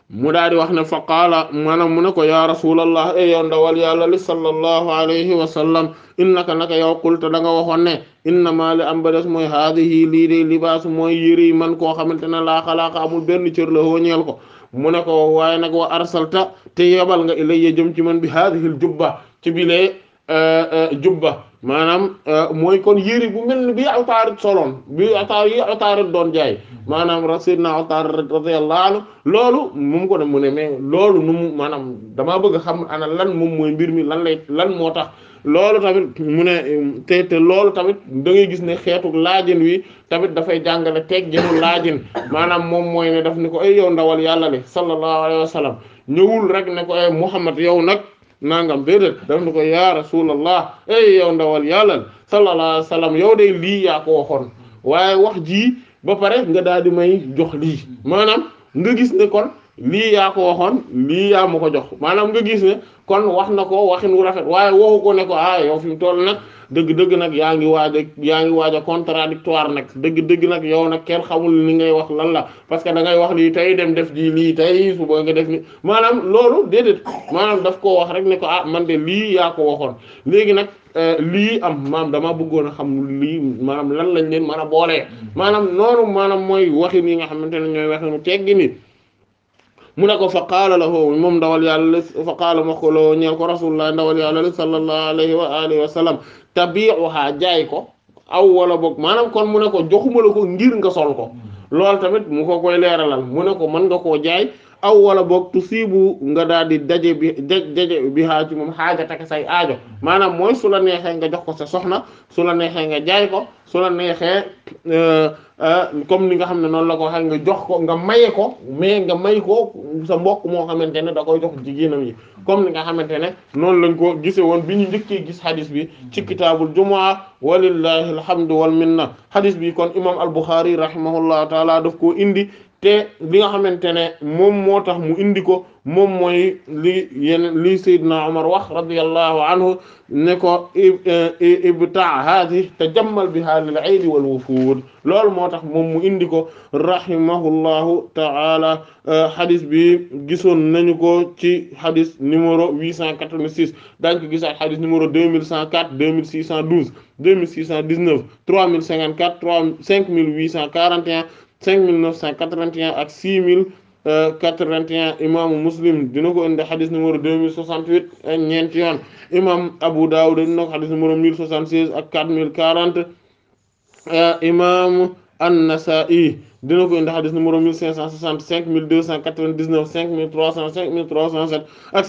mu daal di wax ne fa qaala maanaam mu ne ko ya rasulallah e yow ndawal yàlla li sallallahu alayhi wa sallam innaka naka yow qulta da nga waxoon ne innama li am ba des mooy haadihi lii de libaasu mooy yëri man koo xamante ne laa xalaaka amul benn cër la ko mu ne ko waaye nag wa arsalta te yebal nga ilayya jëm ci man bi haadihil jubba ci bilee eh, eh, jubba maanaam euh, mooy kon yére bu mel ni bi Utaarid soloon bi Utaarid yi Utaarid doon jaay maanaam Sayyidina Utaarid radiyallahu laalo loolu moom ko ne mu ne mais loolu nu maanaam damaa bëgg xam ana lan moom mooy mbir mi lan lay lan moo tax loolu tamit mu ne te te loolu tamit dangay gis ne xeetu laajin wi tamit dafay jàngale teg jënu laajin maanaam moom mooy ne daf ni ko ay yow ndawal yàlla li sallallahu alayhi wa ñëwul rek ne ko ay Muhammad yow nag nangam déedéet daf na ko yaa rasulallah ey yow ndawal yàlla sallallahu alayhi wa sallam yow day lii yaa ko waxoon waaye wax jii ba pare nga daal di may jox lii maanaam nga gis ne kon lii yaa ko waxoon lii yaa ma ko jox maanaam nga gis ne kon wax na ko waxin wu rafet waaye waxu ko ne ko ah yow fi mu toll nag dëgg-dëgg nag yaa ngi waaj a yaa ngi waaj a contradictoire nag dëgg-dëgg nag yow nag kenn xamul ni ngay wax lan la parce que da ngay wax lii tey dem def ji lii tey suba nga def ni maanaam loolu déedéet maanaam daf ko wax rek ne ko ah man de lii yaa ko waxoon léegi nag euh, lii am maam dama bëggoon a xam lii maanaam lan lañ leen mën a boolee mm. maanaam noonu maanaam mooy waxin yi nga xamante ne ñooy waxinu teggi ni mu ne ko fa la lahu moom ndawal yàlla fa qaala wax ko lahu ñeel ko rasulullah ndawal yàlla li sallallahu alayhi wa alihi wa sallam tabi'uha jaay ko aw wala boog maanaam kon mu ne ko joxuma la ko ngir nga sol ko mm-hmm. loolu tamit mu ko koy leeralal mu ne ko mën nga koo jaay aw wala boog tusibu nga daal di daje bi daje bi haa ci moom xaaja taka say aajo maanaam mooy su la neexee nga jox ko sa soxna su la neexee nga jaay ko su la neexee euh, euh, comme ni nga xam ne noonu la ko waxee nga jox ko nga maye ko mais nga may ko sa mbokk moo xamante ne da koy jox jigéenam yi comme ni nga xamante ne noonu la ko gise woon biñu ñu njëkkee gis hadis bi ci kitaabul jumaa walillahi alhamdu wal minna hadis bi kon imam al Bukhari rahimahullahu taala daf koo indi te li nga xamante ne moom moo tax mu indi ko moom mooy li yeneen li Seydina Omar wax radiyallahu anhu ne ko eh, eh, ibta haadi tajammal biha lil ayli wal wufuud lool moo tax moom mu indi ko rahimahullahu ta'ala eh, hadis bi gisoon nañu ko ci hadis numéro 886 daañu ko gisaat hadis numéro 2104 2612 2619 3054 3 5841 cinq mille neuf cent quatre-vingt-un ak six mille quatre-vingt-un imaamu Muslim dina ko indi xadis numéro deux mille soixante-huit ñeenti yoon imaam Abu Dawud dina ko xadis numéro mille soixante-seize ak quatre mille quarante imaamu An-Nasa'i dina ko indi xadis numéro 1565 1299 5300 5307 ak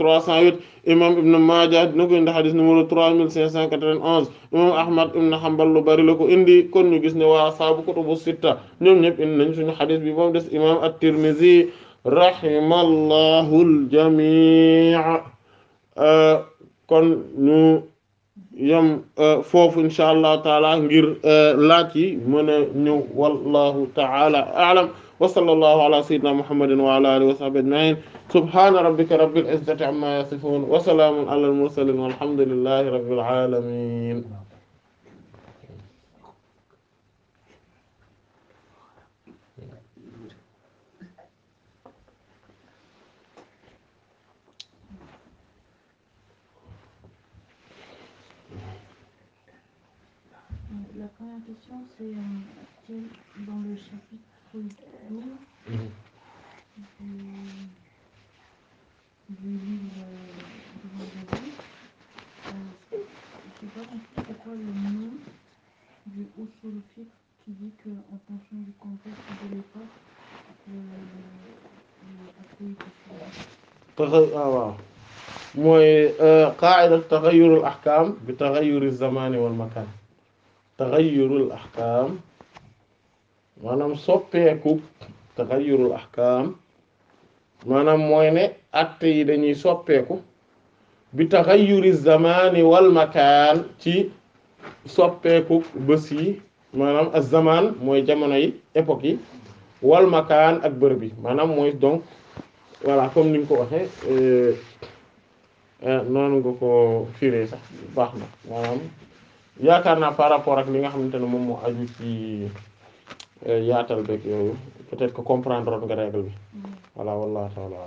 5308 imam ibn Maaja dina ko indi xadis numéro 3591 imam Ahmad ibn Hanbal lu bari la ko indi kon ñu gis ne waa saabu ko sitta ñoom ñëpp indi nañ suñu bi moom des imam at-Tirmizi rahimallahu al-jamii kon ñu yam eh, foofu insha allahu taala ngir eh, laaj yi mën a ñëw wallahu taala aalam wa sallallahu ala sayyidina muhammadin wa ala alihi wa sahbihi ajma'in subhana rabbika rabbil izzati amma yasifun wa salaamun ala al mursalin walhamdulillahi rabbil alamin c'est dans le chapitre 12 mmh. du, du, livre de mhm. Vendée. je n'ai pas compris pourquoi le nom du haut sur le titre qui dit qu'en fonction du contexte de l'époque, waaw mooy qaa'ida taxayyurul ahkaam bi taxayyuri zamaani wal makaan taxayyurul ahkaam maanaam soppeeku taxayyurul ahkaam maanaam mooy ne atte yi dañuy soppeeku bi taxayyuri zamani wal makaan ci soppeeku bës yi maanaam az zaman mooy jamono yi époque yi wal makaan ak bërëb yi maanaam mooy donc voilà comme ni nga ko waxee euh, euh, noonu nga ko firee sax baax na maanaam yaakaar naa par rapport ak li nga xamante ne moom moo aju ci euh, yaatal beeg yooyu peut-être que comprendre woon nga règle bi mm. voilà wallahu ta'ala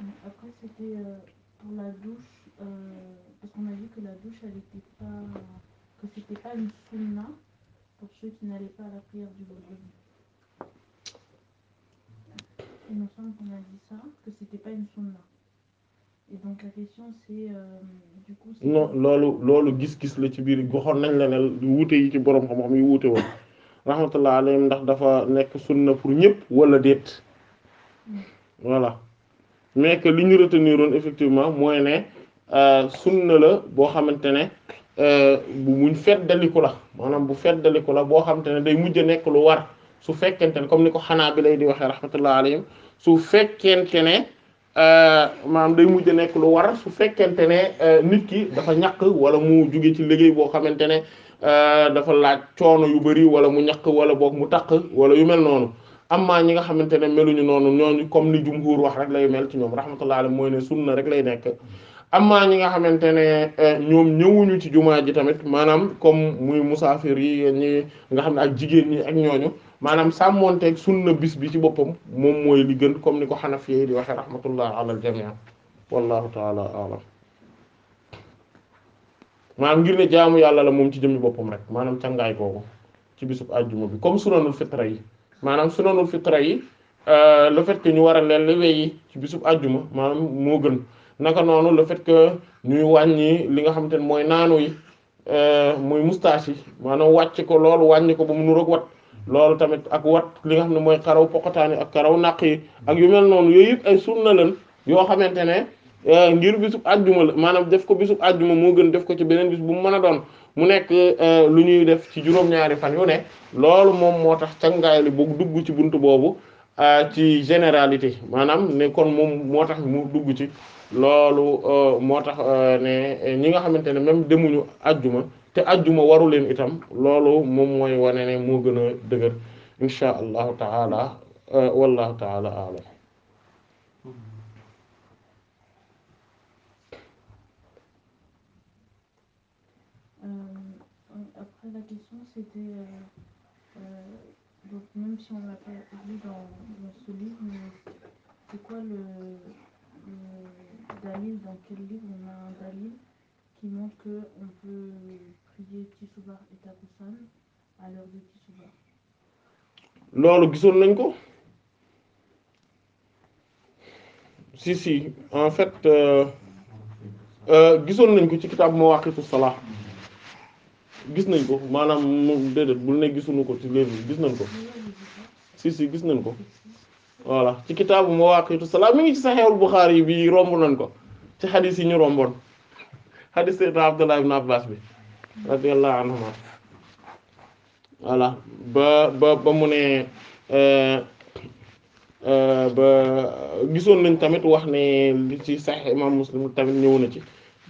mm, après c'était euh, pour la douche euh, parce qu'on a vu que la douche elle était pas que c'était pas une sunna pour ceux qui n'allaient pas à la prière du vendredi il qu'on a dit ça que c'était pas une sunna et euh, loolu loolu gis-gis la ci biir waxoon nañ la ne wuute yi ci borom xam-xam yi wuute woon rahmatullah alayhim ndax dafa nekk sun na pour ñëpp wala déet voilà mais li ñu retenir woon effectivement mooy ne euh, sunna la boo xamante ne euh, bu muñ feddaliku la maanaam bu feddaliku la boo xamante ne day mujj nekk lu war su fekkente ne comme ni ko xanaa bi lay di waxee rahmatullah alayhim su fekkente ne. Euh, maam day mujj nekk lu war su fekkente ne euh, nit ki dafa ñàkk wala mu jóge ci liggéey boo xamante ne euh, dafa laaj coono yu bari wala mu ñàkk wala boog mu taq wala yu mel noonu am amma ñi nga xamante ne meluñu noonu ñooñu comme ni jumhur wax rek lay mel ci ñoom rahmatullah alayhi mooy ne sunna rek lay nekk amma ñi nga xamante ne ñoom ñëwuñu ci jumaa ji tamit maanaam comme muy musaafir yi ñi nga xam ne ak jigéen ñi ak ñooñu maanaam sàmmonteeg sunna bis bi ci boppam moom mooy li gën comme ni ko xanaf yi di waxe rahmatullah ala al jamii wallahu taala alam maanaam ngir ne jaamu yàlla la moom ci jëmmi boppam rek maanaam cangaay kooku ci bisub àjjuma bi comme sunanul fitra yi maanaam sunanul fitra yi euh, le fait ñu waral a leen weyi ci bisub àjjuma maanaam moo gën naka noonu le fait ñuy wàññi li nga xam te mooy naanu yi euh, mooy moustache yi maanaam wàcc ko loolu wàññi ko ba mu nuroog loolu tamit ak wat li nga xam ne mooy karaw poqataani ak karaw naq yi ak yu mel noonu yooyu yëpp ay sunna lan yoo xamante ne eh, ngir bisub àjjuma la maanaam def ko bisu àjjuma moo gën def ko ci beneen bis bu mu mën a doon mu nekk eh, lu ñuy def ci juróom-ñaari fan yu ne loolu moom moo tax cangaay li bu dugg ci buntu boobu eh, ci généralité maanaam ne kon moom moo tax mu dugg ci loolu moo tax ne ñi nga xamante ne même demuñu àjjuma te ajjuma waru leen itam loolu moom mooy wane ne moo gën dëgër insha allahu taala euh, wallahu taala alam euh, après la question c'était euh, donc même si on l'a pas dans, dans ce livre c'est quoi le, le dans quel on a un qui montre que on peut loolu gisoon nañ ko si en fait euh, euh, gisoon nañ ko ci kitaab mawaaqitu salaa gis nañ ko maanaam moom déedéet bul ne gisuñu ko ci livre gis nañ ko si gis nañ ko voilà ci kitaabu mawaaqitu salaa mi ngi ci Sahihul yi bi romb nañ ko ci xadis yi ñu romboon xadis Seydina Abdullah ibn Abbas bi radiyallahu anhuma voilà ba ba ba mu ne euh, euh, ba gisoon nañ tamit wax ne li ci Sahih imam Muslim tamit ñëw na ci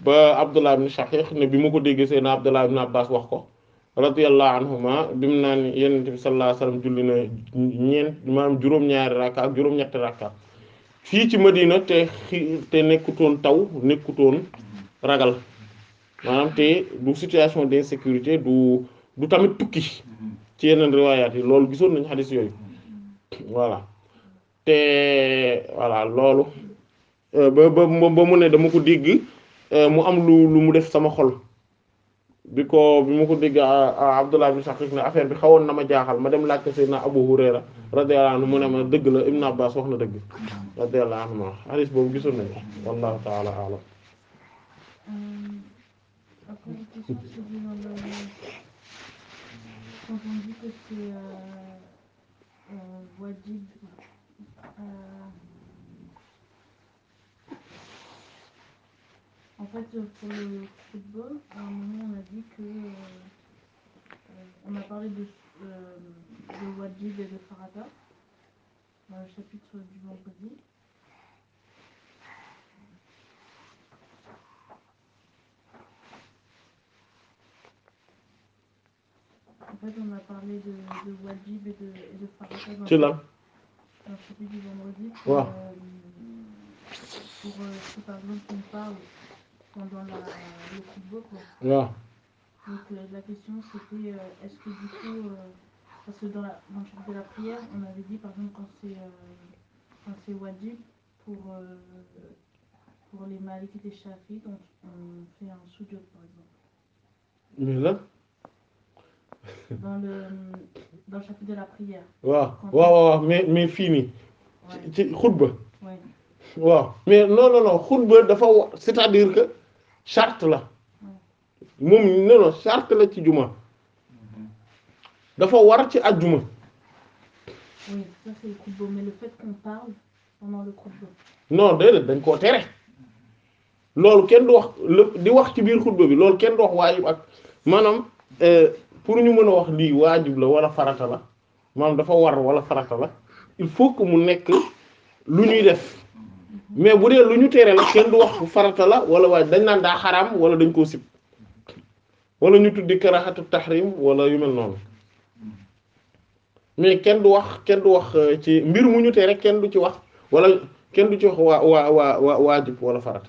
ba Abdullah ibn Shaqiq ne bi ma ko déggee seen Abdullah ibn Abbas wax ko radiyallahu bi mu naan Yonent bi sallallahu alayhi wasallam julli na ñeent maanaam juróom-ñaari rakka ak juróom-ñetti rakka fii ci Madina te xi te nekkutoon taw nekkutoon ragal maanaam te du situation d'insécurité du du tamit tukki ci yeneen riwaayaat yi loolu gisoon nañu xadis yooyu voilà te voilà loolu euh, ba ba ba mu ne dama ko dégg euh, mu am lu lu mu def sama xol bi ko bi ma ko dégg euh, Abdullah ibn Shaqiq ne affaire bi xawoon na ma jaaxal ma dem laajte Seydina Abu Hurayra radiyallahu anhu mu ne ma dëgg la Ibn Abbas wax na dëgg radiyallahu anhu ma xadis boobu gisoon nañu wallahu taala alam um, Par communication, c'est dit dans le. Quand on dit que c'est. Euh, euh, Wajib. Euh, en fait, pour le football, à un moment, on a dit que. on a parlé de, euh, de Wajib et de Farada dans le chapitre du vendredi. fait, parlé de, Wajib et de, et de Farata dans, du vendredi. Pour, Wow. euh, pour, euh, pendant la, le Donc euh, la question c'était euh, est-ce que du coup, euh, parce que dans, la, prière, on avait dit par exemple quand c'est wajib pour, euh, pour les malikites et shafites, on, on par exemple. dans waaw waaw waaw mais mais fii nii. ci xutba. waaw mais non non non xutba dafa wa c'est-à-dire que charte la moom non non charte la ci juma mm-hmm. dafa war ci ajjuma. oui ça c'est le dañ koo tere loolu kenn du wax di wax ci biir xutba bi loolu kenn du wax waaye ak maanaam. Euh, pour ñu mën a wax lii waajib la wala farata la maam dafa war wala farata la il faut que mu nekk lu ñuy def mais bu dee lu ñu tere la kenn du wax farata la wala waaye dañ naan daa xaraam wala dañ koo sib wala ñu tuddi karaxatu tahrim wala yu mel noonu mais kenn du wax kenn du wax euh, ci mbir mu ñu tere kenn du ci wax wala kenn du ci wax waa waa waa waa waajib wala farata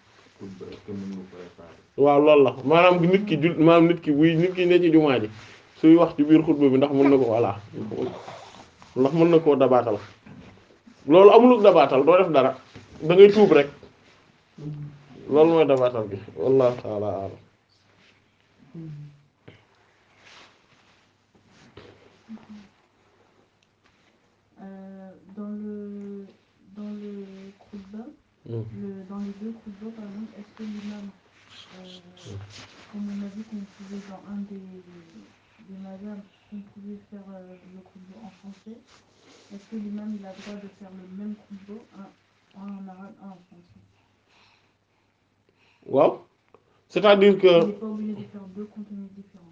waaw lool la maanaam nit ki jul maanaam nit ki buy nit ki ne ci jumaa ji suy wax ci biir xutba bi ndax mën na ko voilà ndax mën na koo dabaatal loolu amuluk dabaatal doo def dara da tuub rek loolu mooy dabaatal bi wallahu taala alam Mmh. Le, dans les deux coups de par exemple, euh, euh, en français, est-ce que l'imam il a droit de faire le même coup de en français Waaw c'est-à-dire que. Il n'est pas obligé de faire deux contenus différents.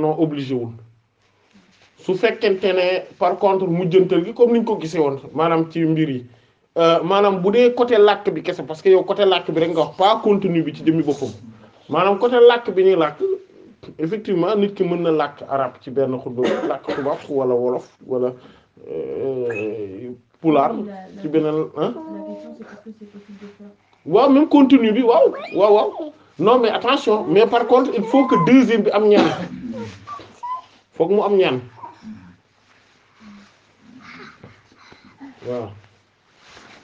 Non obligé wul. su fekkente ne par contre mujjantal gi comme niñ ko gisee woon maanaam ci mbir yi. Euh, maanaam bu dee côté làkk bi kese parce que yow côté làkk bi rek nga wax pas contenu bi ci jëmmi boppam maanaam côté làkk bi ñuy làkk effectivement nit ki mën na làkk arab ci benn xutba làkk tubaab wala wolof wala euh, pulaar ci beneen waaw même contenu bi waaw waaw waaw non mais attention mais par contre il faut que deuxième bi am ñaan foog mu am ñaan waaw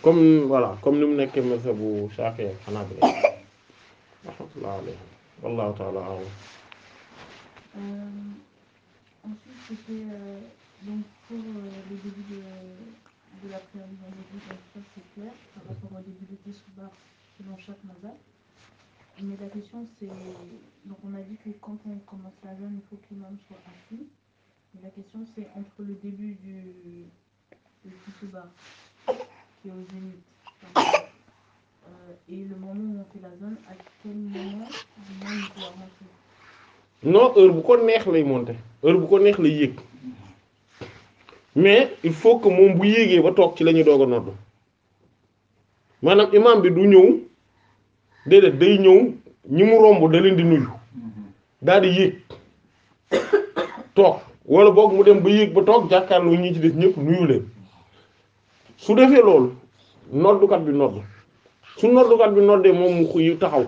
comme voilà comme ni mu nekkee mazhabu Shafi'i ak Hanbali rahmatullahi alayhim wallahu ta'ala a'lam. Euh, ensuite, c'était euh, donc pour euh, le début de la prière du vendredi, donc ça c'est clair par rapport au début de Teshuvah selon chaque mazhab. Mais la question c'est donc on a dit que quand on commence la jeûne, il faut que l'imam soit assis. Mais la question c'est entre le début du, du Teshuvah no est euh, bu ko neex lay monter heure bu ko neex lay yéeg mais il faut que moom bu yéegee ba toog ci la ñuy doog a nodd maanaam imam bi du ñëw déedéet day ñëw ñi mu romb da di nuyu daal di yéeg toog wala boog mu dem ba yéeg ba toog jàkkaarloo ñi ci des ñëpp nuyu leen su defee loolu noddukat bi nodd su noddukat bi noddee moom mu xuy taxaw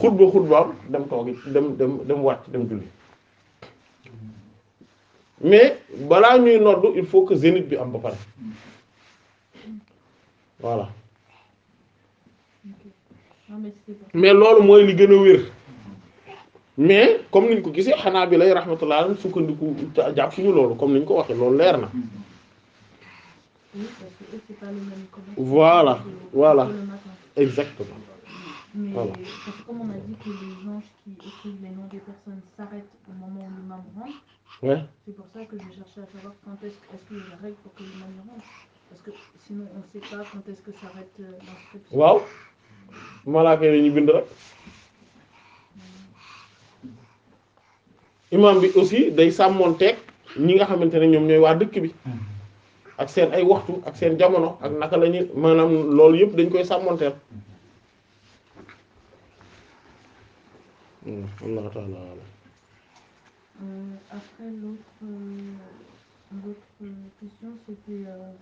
xutba xutbaam dem toogi dem dem dem wàcc dem julli mais balaa ñuy noddu il faut que zénith bi am ba pare voilà mais loolu mooy li gën a wér mais comme ñu ko gisee xanaa bi lay rahmatullah sukkandiku jàpp suñu loolu comme ni ñu ko waxee loolu leer na Oui, parce que eux, c'est Voilà, voilà. Exactement. Mais voilà. parce que comme on a dit que les anges qui écrivent les noms des personnes s'arrêtent au moment où l'imam rentre, ouais. c'est pour ça que je cherchais à savoir quand est-ce est qu'il y a des règles pour que l'imam rentre. Parce que sinon, on sait pas quand est-ce que s'arrête euh, l'inscription. Waaw malaaka yi ñu bind rek imam bi aussi day sàmmoon teeg ñi nga xamante ne ñoom ñooy waa dëkk bi. Hmm. ak seen ay waxtu ak seen jamono ak naka la ñuy maanaam loolu yëpp dañ koy sàmmonteel hmm, Allah ta'ala euh, après l'autre euh, l'autre euh, question c'était euh,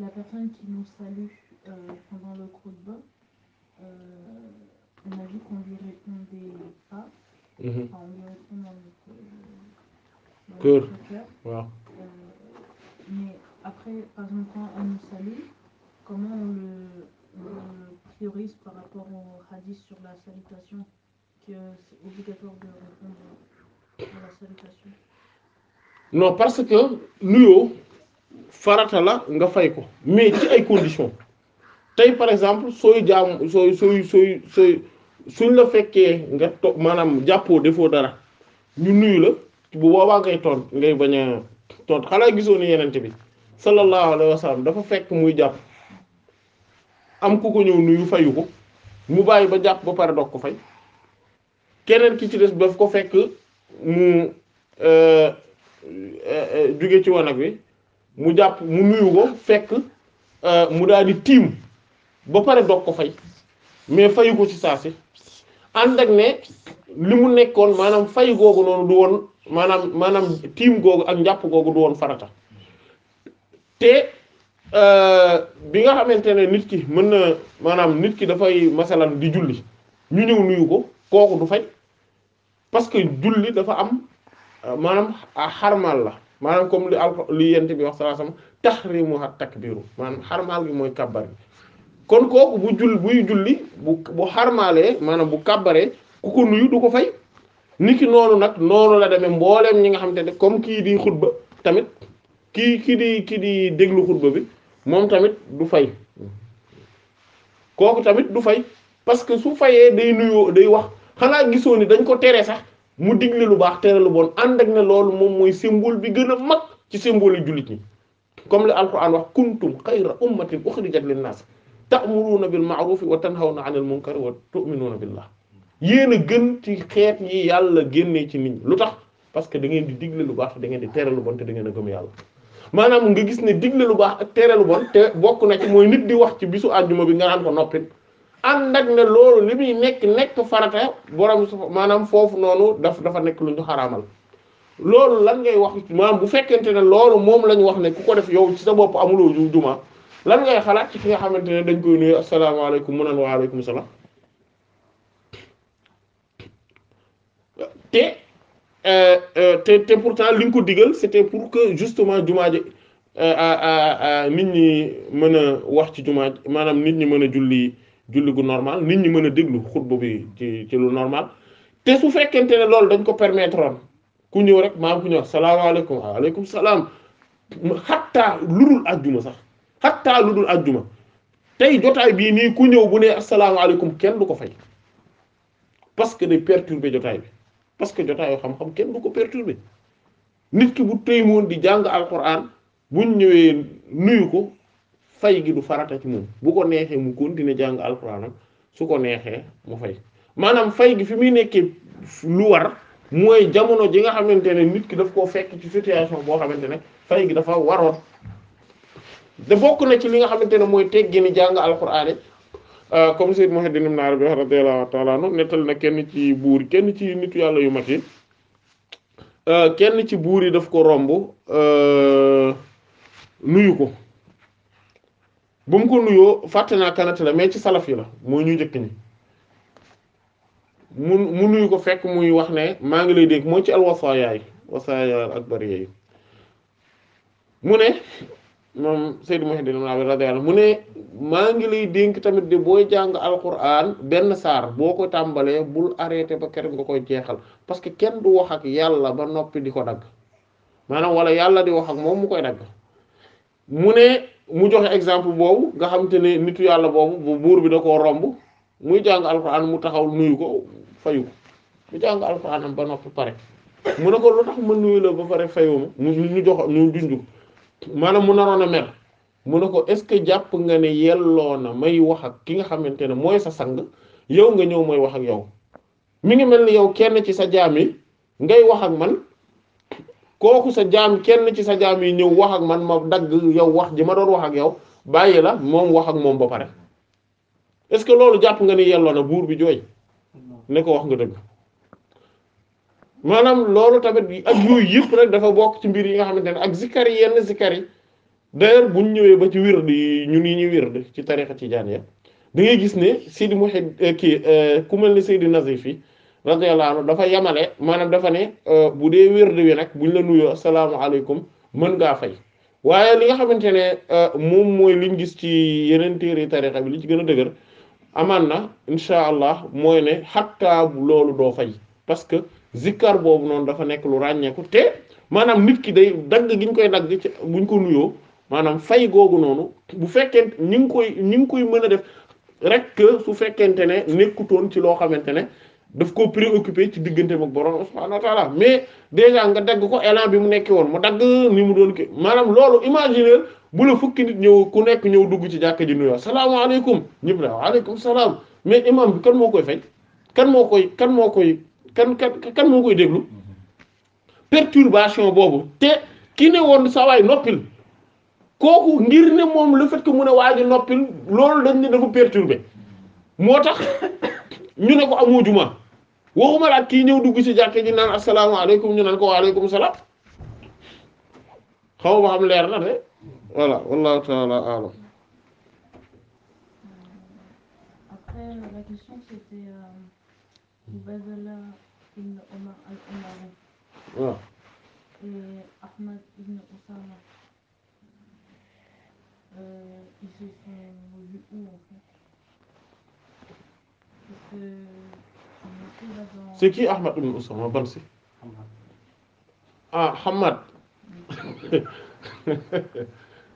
la personne qui nous salue pendant le khutba on cœur waaw. Euh, mais après par exemple quand on nous salue comment on le, on le priorise par rapport au hadith sur la salutation que c'est obligatoire de répondre à la salutation. non parce que nuyoo farata la nga fay ko mais ci ay conditions tey par exemple sooy jaamu sooy sooy sooy sooy suñ la fekkee nga toog maanaam jàppoo defoo dara ñu nuyu la. bu boobaa ngay toon ngay bañ a ton xanaa gisoo ni yenente bi sallallahu alayhi wa dafa fekk muy jàpp am ku ko ñëw nuyu fayu ko mu bàyyi ba jàpp ba pare doog ko fay keneen ki ci des daf ko fekk mu euh, euh, euh, jóge ci wanag wi mu jàpp mu nuyu ko fekk mu daal di tiim ba pare doog ko fay mais fayu ko ci saa si ànd ne li mu nekkoon maanaam fay googu noonu du woon maanaam maanaam tiim googu ak njàpp googu du woon farata te euh, bi nga xamante ne nit ki mën na maanaam nit ki dafay masalan di julli ñu ñëw nuyu ko kooku du fay parce que julli dafa am euh, maanaam xarmal la maanaam comme li al li yent bi wax sallallahu alayhi wasallam tahrimu at takbiru maanaam xarmal gi mooy kàbbar gi kon kooku bu jul buy julli bu bu xarmaalee maanaam bu kàbbaree ku ko nuyu du ko fay ki noonu nag noonu la demee mbooleem ñi nga xam xamante ne comme kii di xutba tamit kii kii di kii di déglu xutba bi moom tamit du fay kooku tamit du fay parce que su fayee day nuyoo day wax xanaa gisoo ni dañ ko tere sax mu digle lu baax tere lu bon ànd ak ne loolu moom mooy symbole bi gën a mag ci symbole yu jullit ñi comme li alquran wax kuntum xayra ummatin uxrijat linnaas ta'muruna bil ma'ruf wa tanhawna 'anil munkar wa tu'minuna billah yéen a gën ci xeet yi yàlla génnee ci nit lu tax parce que da ngeen di digle lu baax te da ngeen di tere lu bon te da ngeen a gëm maanaam nga gis ne digle lu baax ak tere lu bokk na mooy nit di wax ci bisu àjjuma bi nga naan ko noppit ànd ak ne loolu li muy nekk nekk farata borom maanaam foofu noonu daf dafa nekk lu ñu xaraamal loolu lan ngay wax maam bu fekkente ne loolu moom la ñu wax ne ku ko def yow ci sa bopp amuloo juma lan ngay xalaat ci fi nga xamante ne dañ koy nuyu asalaamaaleykum mu naan waaleykum salaam te euh, euh, te te pourtant li nga ko digal c'était pour que justement jumaa ji euh, nit ñi mën a wax ci jumaa maanaam nit ñi mën a julli julli gu normal nit ñi mën a déglu xutba bi ci ci lu normal te su fekkente ne loolu dañ ko permettre oon ku ñëw rek maam ku ñëw salaamaaleykum waaleykum salaam xattaa lurul ajjuma sax xattaa lu dul ajjuma tey jotaay bii nii ku ñëw bu ne asalaamaaleykum kenn du ko fay parce que day perturber jotaay bi parce que jotaayu xam-xam kenn du ko perturber nit ki bu tey moon di jàng alquran bu ñëwee nuyu ko fay gi du farata ci moom bu ko neexee mu continuer jàng alquran su ko neexee mu fay maanaam fay gi fi muy nekkee lu war mooy jamono ji nga xamante ne nit ki daf koo fekk ci situation boo xamante ne fay gi dafa waroon de bokk na ci li nga xamante ne mooy teggini jàng alquraan euh, comme Sayyid Muhammad ibn Arabi radiyallahu ta'ala na kenn ci buur kenn ci nitu yàlla yu mag euh, kenn ci buur yi daf ko romb euh, nuyu ko bu mu ko nuyoo fàtte naa kanat la mais ci salaf yi la mooy ñu njëkk ni mu nuyu ko fekk muy wax ne maa ngi lay dégg mooy ci al wasaaya yi wasaaya al mu ne moom Seydou Mouhidine ibn Arabi radiyallahu mu ne maa ngi lay dénk tamit di booy jàng alquran benn saar boo ko tàmbalee bul arrêté ba keroog nga koy jeexal parce que kenn du wax ak yàlla ba noppi di ko dagg maanaam wala yàlla di wax ak moom mu koy dagg mu ne mu joxe exemple boobu nga xam te ne nitu yàlla boobu bu buur bi da koo romb muy jàng alquran mu taxaw nuyu ko fayu ko mu jàng alquran am ba noppi pare mu ne ko lu tax ma nuyu la ba pare fayu ma ñu jox ñu junj ko maanaam mu naroon a mer mu ne ko est ce que jàpp nga ne yelloo na may wax ak ki nga xamante ne mooy sa sang yow nga ñëw mooy wax ak yow mi ngi mel ni yow kenn ci sa jaam yi ngay wax ak man kooku sa jaam kenn ci sa jaam yi ñëw wax ak man ma dagg yow wax ji ma doon wax ak yow bàyyi la moom wax ak moom ba pare est ce que loolu jàpp nga ne yelloo na buur bi jooy ne ko wax nga dëgg maanaam loolu tamit ak yooyu yëpp nag dafa bokk ci mbir yi nga xamante ne ak zikar yi yenn zikar yi d'ailleurs ñëwee ba ci wird yi ñun yi ñuy wird ci tarixa tijaaniya da ngay gis ne Seydi Muhammad eh, kii eh, ku mel ne Seydi Nazif yi radiyallahu anhu dafa yamale maanaam dafa ne eh, bu dee wird wi nag bu ñu la nuyoo aleykum mën ngaa fay waaye li nga xamante ne moom mooy liñ gis ci yeneen téere tarixa bi li ci gën a dëgër amaan na incha allah mooy ne xattaa loolu doo fay parce que zikkar boobu noonu dafa nekk lu ràññeeku te maanaam nit ki day dagg gi koy dagg ci buñ ko nuyoo maanaam fay googu noonu bu fekkente ñi ngi koy ñi ngi koy mën a def rek que su fekkente ne nekkutoon ci loo xamante ne daf koo préoccupé ci diggante ak borom subhaanahu mais déjà nga dagg ko élan bi mu nekkee woon mu dagg ni mu doon ki maanaam loolu imaginer bu la fukki nit ñëw ku nekk ñëw dugg ci jàkka ji nuyoo salaamaaleykum ñëpp na waaleykum salaam mais imam bi kan moo koy fay kan moo koy kan moo koy kan kan kan moo koy déglu perturbation boobu te kii ne woon sa waay noppil kooku ngir ne moom le fait que mu ne waaji noppil loolu dañ ne dafa perturbé moo tax ñu ne ko amoo juma waxuma laat kii ñëw dugg si jàkke ji naan asalaamaaleykum ñu naan ko waaleykum salaam xaw ma xam leer na de voilà wallahu taala alam بدل ابن عمر الأموي C'est qui Ahmad ibn Usama ban si ah Hamad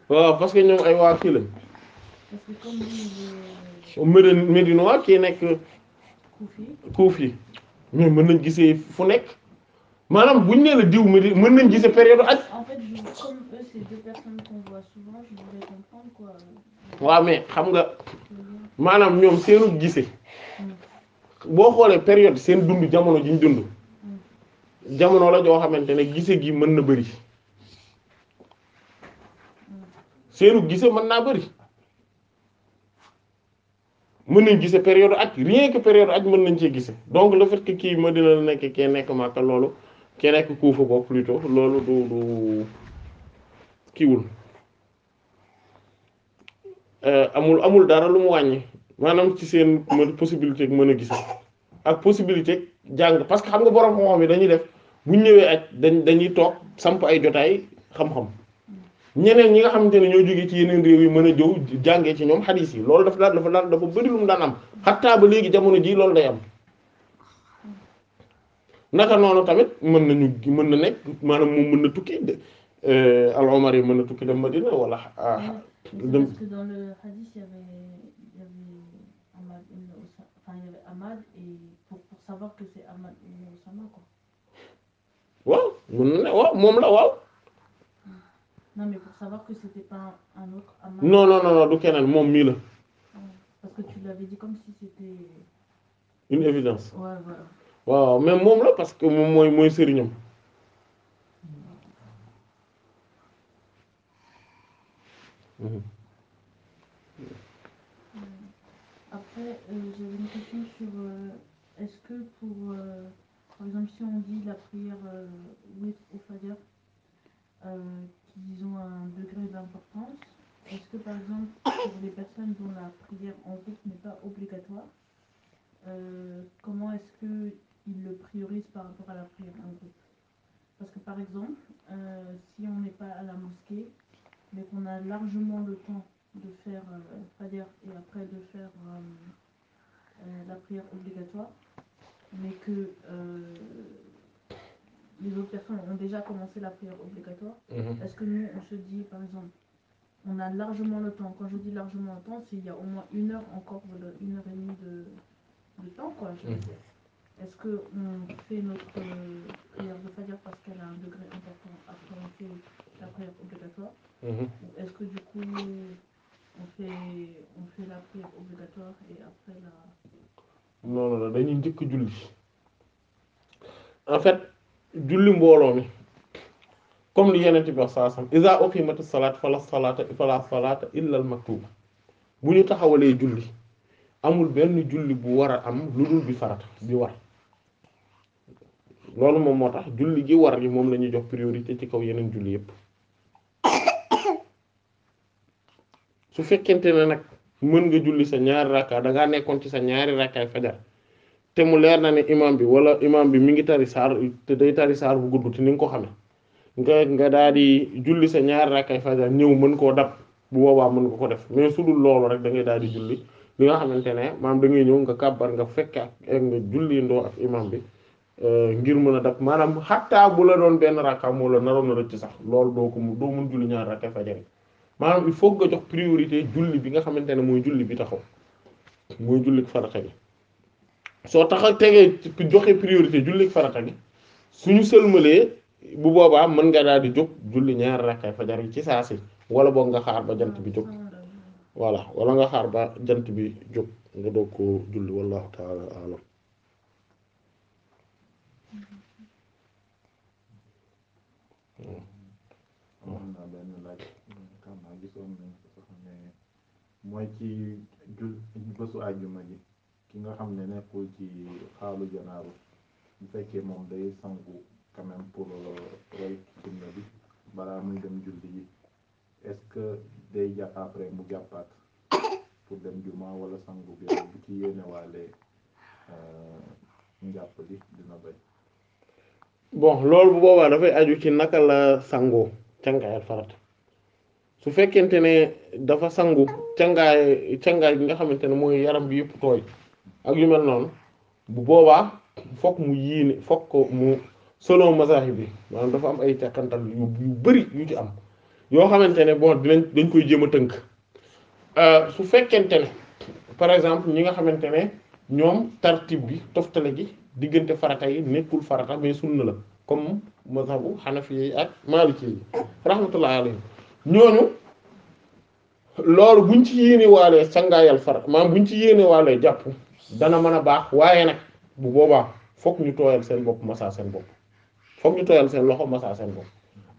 waaw parce que ñoom ay waa kii lañ Médinois kii nekk kuuf yi mais mën nañ gisee fu nekk maanaam buñ nee la diw mi di mën nañ gise période aj en waaw mais xam nga maanaam ñoom seenu gise boo xoolee période seen dund jamono jiñ dund jamono la joo xamante ne gise gi mën na bëri seenu gise mën naa bëri mën nañ gise période ak rien ko période ak mën nañ cee gise donc le fait que kii Madina la nekk ke nekk Makka loolu kee nekk Kufa bokk loolu du du kiiwul euh, amul amul dara lu mu wàññi maanaam ci seen possibilité mën a gise ak possibilité jàng parce que xam nga borom xam-xam yi dañuy def bu ñu ñëwee ak dañ dañuy toog samp ay jotaay xam-xam ñeneen ñi nga xamante ne ñoo jóge ci yeneen réew yi mën a jëw jàngee ci ñoom xadiis yi loolu dafa daan dafa daan dafa bëri lu daan am xattaa ba léegi jamono ji loolu day am naka noonu tamit mën nañu mën na nekk maanaam moom mën na tukki euh, mën na tukki dem wala. moom la waaw. non mais pour savoir que c'était pas un autre. non non non du keneen moom mii la. Ah, parce que tu l'avais dit comme si c'était une évidence. waaw waaw mais moom la parce que moom mooy mooy sëriñam. Hmm. Euh, qu'ils ont un degré d'importance Est-ce que par exemple, pour les personnes dont la prière en groupe n'est pas obligatoire, euh, comment est-ce qu'ils le priorisent par rapport à la prière en groupe Parce que par exemple, euh, si on n'est pas à la mosquée, mais qu'on a largement le temps de faire euh, la prière et après de faire euh, euh, la prière obligatoire, mais que euh, les autres personnes ont déjà commencé la obligatoire, mhm. est-ce que nous, on se dit, par exemple, on a largement le temps Quand je dis largement le temps, c'est il y a au une heure encore, une heure et demie de, temps, quoi. Je veux mhm. dire. Est-ce qu'on fait notre euh, prière de Fajr parce qu'elle a un degré important après on fait la obligatoire mhm. est-ce que du coup on fait, on obligatoire et après la. julli mbooloo mi comme li yeneen bi wax saa sam iza uqimatis salaat fala salaata fala salaata illa al maktuba bu ñu taxawalee julli amul benn julli bu war a am lu dul bi farata bi war loolu moom moo tax julli gi war yi moom la jox priorité ci kaw yeneen julli yépp su fekkente ne nag mën nga julli sa ñaari rakka da ngaa nekkoon ci sa ñaari rakkaay fajar te mu leer na ne imam bi wala imam bi mi ngi tari saar te day tari saar bu gudd te ni nga ko xamee nga nga daal di julli sa ñaari rakkay fajar ñëw mën koo dab bu boobaa mën nga ko def mais su dul loolu rek da ngay daal di julli li nga xamante ne maam da ngay ñëw nga kàbbar nga fekk ak nga ndoo ak imam bi euh, ngir mën a dab maanaam xattaa bu la doon benn rakka moo la naroon na rëcc sax loolu boo ko doo mën julli ñaari rakkay fajar yi maanaam il faut nga jox priorité julli bi nga xamante ne mooy julli bi taxaw mooy julli farata bi soo taxa tegee joxe priorité julli farata gi suñu sëlmalee bu boobaa mën nga daal di jóg julli ñaar rakkay fajar yi ci saa si wala boog nga xaar ba jant bi jóg wala nga xaar ba jant bi jóg nga doog ko julli wallahu taala mooy ci jul bésu àjjuma ki nga xam ne nekkul ci xaalu janaaru bu fekkee moom day sangu quand même pour roy euh, sunna bi balaa muy dem julli est-ce que day jàpp après mu jàppaat pour dem juma wala sangu bi euh, loolu bu boobaa dafay aju ci naka la sangoo cangaayal farata su fekkente ne dafa sangu cangaay cangaay bi nga xamante ne mooy yaram bi yëpp tooy ak yu mel noonu bu boobaa fokk mu yéene fokk mu selon mazahib bi maanaam dafa am ay teqantal yu yu bari yu ci am yoo xamante ne boo dinañ dañ koy jéem a tënk euh, su fekkente ne par exemple ñi nga xamante ne ñoom tartib bi toftale gi diggante farata yi nekkul farata mais sunna la comme mazhabu xanafi yi ak maliki yi rahmatullahi alayhim ñooñu loolu buñ ci yéene waalee sangaayal fara bu ñu ci yéene waalee jàpp dana mën a baax waaye nag bu boobaa fokk ñu tooyal seen bopp massa seen bopp fokk ñu tooyal seen loxo massa seen bopp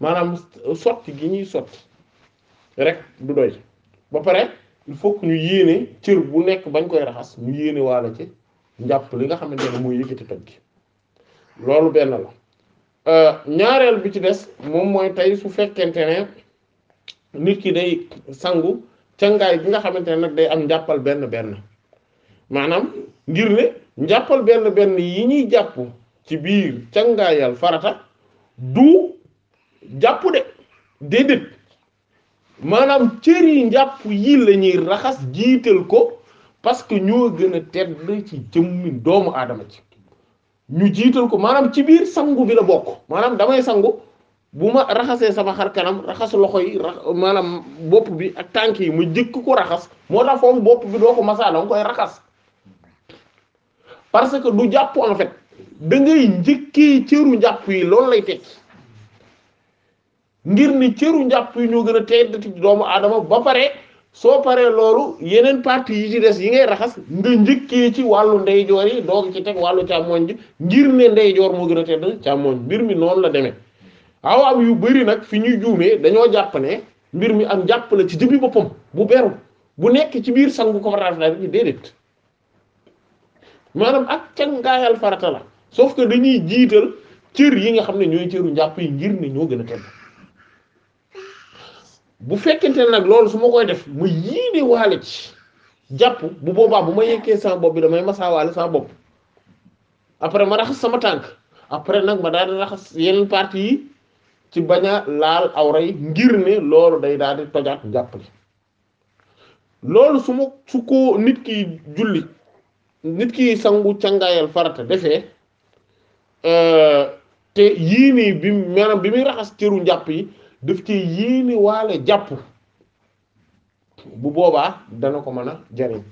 maanaam sotti gi ñuy sotti rek du doy ba pare il faut ñu yéene cër bu nekk bañ koy raxas mu yéene waala ci njàpp li nga xamante ne mooy yëkkati toj gi loolu benn la euh, ñaareel bi ci des moom mooy tey su fekkente ne nit ki day sangu cangaay gi nga xamante ne nag day ak njàppal benn benn maanaam ngir ne njàppal benn benn yi ñuy jàpp ci biir cangaayal farata du jàpp de déedéet maanaam cër yi njàpp yi la ñuy raxas jiital ko parce que ñoo gën a tedd ci jëmmi doomu aadama ci ñu jiital ko maanaam ci biir sangu bi la bokk maanaam damay sangu bu ma raxasee sama xar kanam raxas loxo yi maanaam bopp bi ak tànk yi ma jëkk ko raxas moo tax foofu bopp bi doo ko masaa danga koy raxas parce que du jàpp en fait da ngay njëkkee cëru njàpp yi loolu lay tekki ngir ni cëru njàpp yi ñoo gën a tedd ci doomu aadama ba pare soo paree loolu yeneen partie yi ci des yi ngay raxas nga njëkkee ci wàllu ndeyjoor yi doog ci teg wàllu càmmoñ ji ngir ne ndeyjoor moo gën a tedd càmmoñ mbir mi noonu la demee awaam yu bari nag fi ñuy juumee dañoo jàpp ne mbir mi am jàpp la ci jëmmi boppam bu beru bu nekk ci biir sangu ko farataal bi déedéet. maanaam ak cangaayal farata la sauf que dañuy jiital cër yi nga xam ne ñooy cëru njàpp yi ngir ne ñoo gën a tedd bu fekkente ne nag loolu su ma koy def ma yéene waale ci jàpp bu boobaa bu ma yekkee sama bopp bi damay masaawaale sama bopp après ma raxas sama tànk après nag ma daal di raxas yeneen partie yi ci bañ a laal awra ngir ne loolu day daal di tojaat njàpp li loolu su ma su ko nit ki julli nit ki sangu cangaayal farata defee euh, te yii bi maanaam bi muy raxas cëru njàpp yi daf ci yii ni waale jàpp bu boobaa dana ko mën a jariñ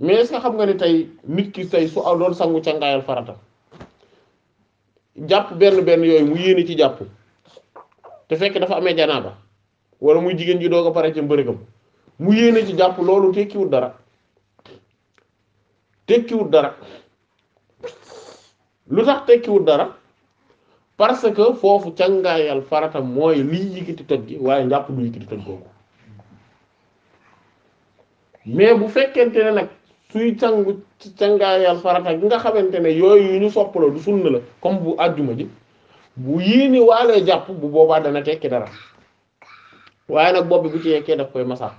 mais est xam nga ni tey nit ki tey su aw doon sangu cangaayal farata jàpp benn benn yooyu mu yéene ci jàpp te fekk dafa amee janaaba wala muy jigéen ji doo a pare ci mbërëgam mu yéene ci jàpp loolu tekkiwul dara tekkiwul dara lu tax tekkiwul dara parce que foofu càngaayal farata mooy liy yëkkati toj gi waaye njàpp du yëkkati toj googu mais bu fekkente ne nag suy cangu càngaayal farata gi nga xamante ne yooyu yu ñu sopp la du sunna la comme bu àjjuma ji bu yéene waalee jàpp bu boobaa dana tekki dara waaye nag bopp bi bu ci yekkee daf koy masaa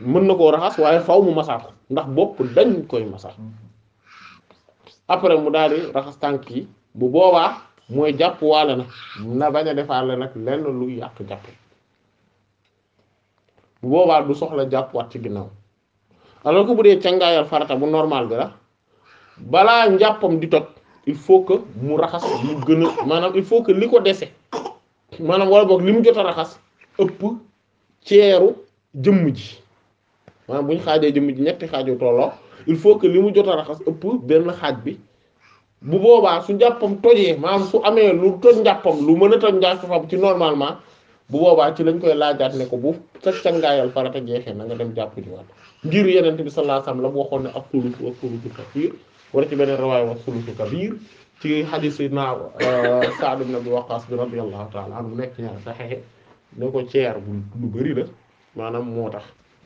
mën na koo raxas waaye faw mu masaa ko ndax bopp dañ koy masal mm-hmm. après mu daal di raxas tànk yi bu boobaa mooy jàpp waale na na bañ a defaale nag lenn lu yàq jàpp bu boobaa du soxla jàpp wat ci ginnaaw alors ko bu dee cangaayal farata bu normal bi la balaa njàppam di toj il faut que mu raxas mu gën a maanaam il faut que li ko dese maanaam wala boog li mu jot raxas ëpp ceeru jëmm ji maanaam bu ñu xaajee jëmm ji ñetti xaaj yu tolloo il faut que li mu jot a raxas ëpp benn xaaj bi bu boobaa su njàppam tojee maanaam su amee lu toj njàppam lu mën a toj njàppam ci normalement bu boobaa ci lañ koy laajaat ko bu sa cangaayal farata jeexee na nga dem jàpp ci waat ngir yenente bi sallallahu alayhi wasallam la mu waxoon ne ak sulusu kabir wala ci beneen rawaay wax sulusu kabir ci hadis sayyidina euh, Sa'd ibn Abi Waqqas bi radiyallahu ta'ala anhu nekk ñaar saxexe ne ko ceer bu lu bari la maanaam moo tax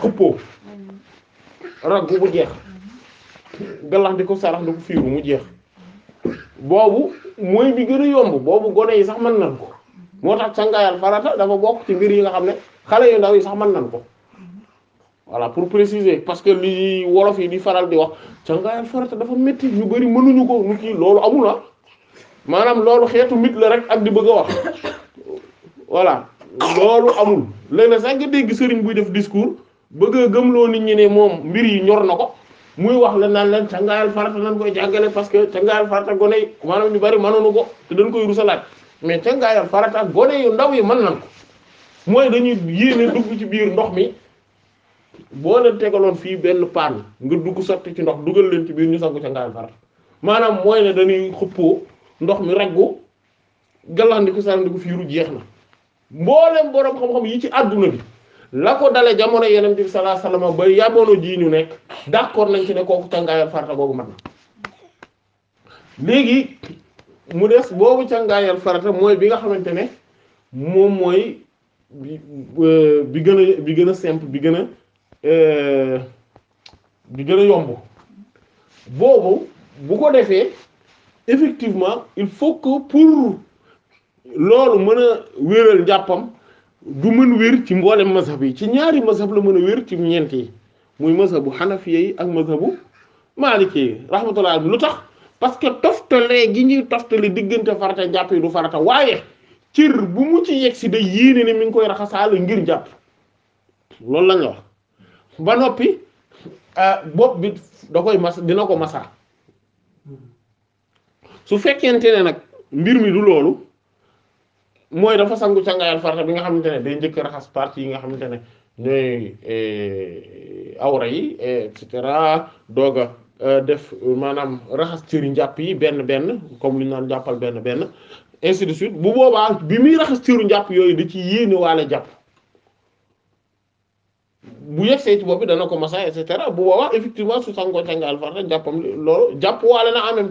xuppoo raggu bu jeex gallax di ko sarax di ko fiiru mu jeex boobu mooy bi gën a yomb boobu gone yi sax mën nan ko moo tax sangaayal farata dafa bokk ci mbir yi nga xam ne xale yu ndaw yi sax mën nan ko voilà pour préciser parce que lii wolof yi di faral di wax sangaayal farata dafa métti yu bari mënuñu ko nu kii loolu amul ah maanaam loolu xeetu mit la rek ak di bëgg a wax voilà loolu amul léeg-léeg sax dégg sëriñ buy def discours bëgg a gëmloo nit ñi ne moom mbir yi ñor na ko muy wax la naan leen càngaayal farata lañ koy jàngale parce que càngaayal farata gone yi maanaam ñu bari mënoonu ko te dañ koy rusalaat mais càngaayal farata gone yu ndaw yi mën nañ mooy dañuy yéene ci biir ndox mi boo leen tegaloon fii benn paan nga dugg sotti ci ndox dugal leen ci biir ñu sangu càngaayal farata maanaam mooy ne dañuy xuppoo ndox mi raggu gallaxndiku sarandiku fiiru jeex na mboolem boroom xam-xam yi ci àdduna bi la ko dale jamono yenente bi sallallahu alayhi wasallam ba yamono ji ñu nekk d'accord nañ ci ne kooku cangaayal farata boobu mën na léegi mu des boobu càngaayal farata mooy bi nga xamante ne moom mooy euh, bi gën a bi gën a simple bi gën a euh, bi gën a yomb boobu bu ko defee effectivement il faut que pour loolu mën a wéral njàppam du mën wér ci mboolem mazhab yi ci ñaari mazhab la mën a wér ci ñeent yi muy mazhabu xanafiya yi ak mazhabu maaliki yi rahmatullah lu tax parce que toftalee gi ñuy toftale diggante farata jàpp yi du farata waaye cër bu mu ci yegg si day yéene ne mi ngi koy raxasaale ngir jàpp loolu lañ wax ba noppi ah, bopp bi da koy mas dina ko masa hmm. su fekkente ne nag mbir mi du loolu mooy dafa sangu càngaayal farata bi nga xamante ne day njëkk raxas parties yi nga xamante ne ñooy eh, awra yi et cetera doog a euh, def maanaam raxas cëri njàpp yi benn benn comme li ñu naan jàppal benn benn ainsi de suite bu boobaa bi muy raxas cëru njàpp yooyu da ci yéene waale jàpp bu yegsee ci bopp dana ko massa et cetera bu boobaa effectivement su sangoo càngaayal farata jàppam loolu jàpp waale na en même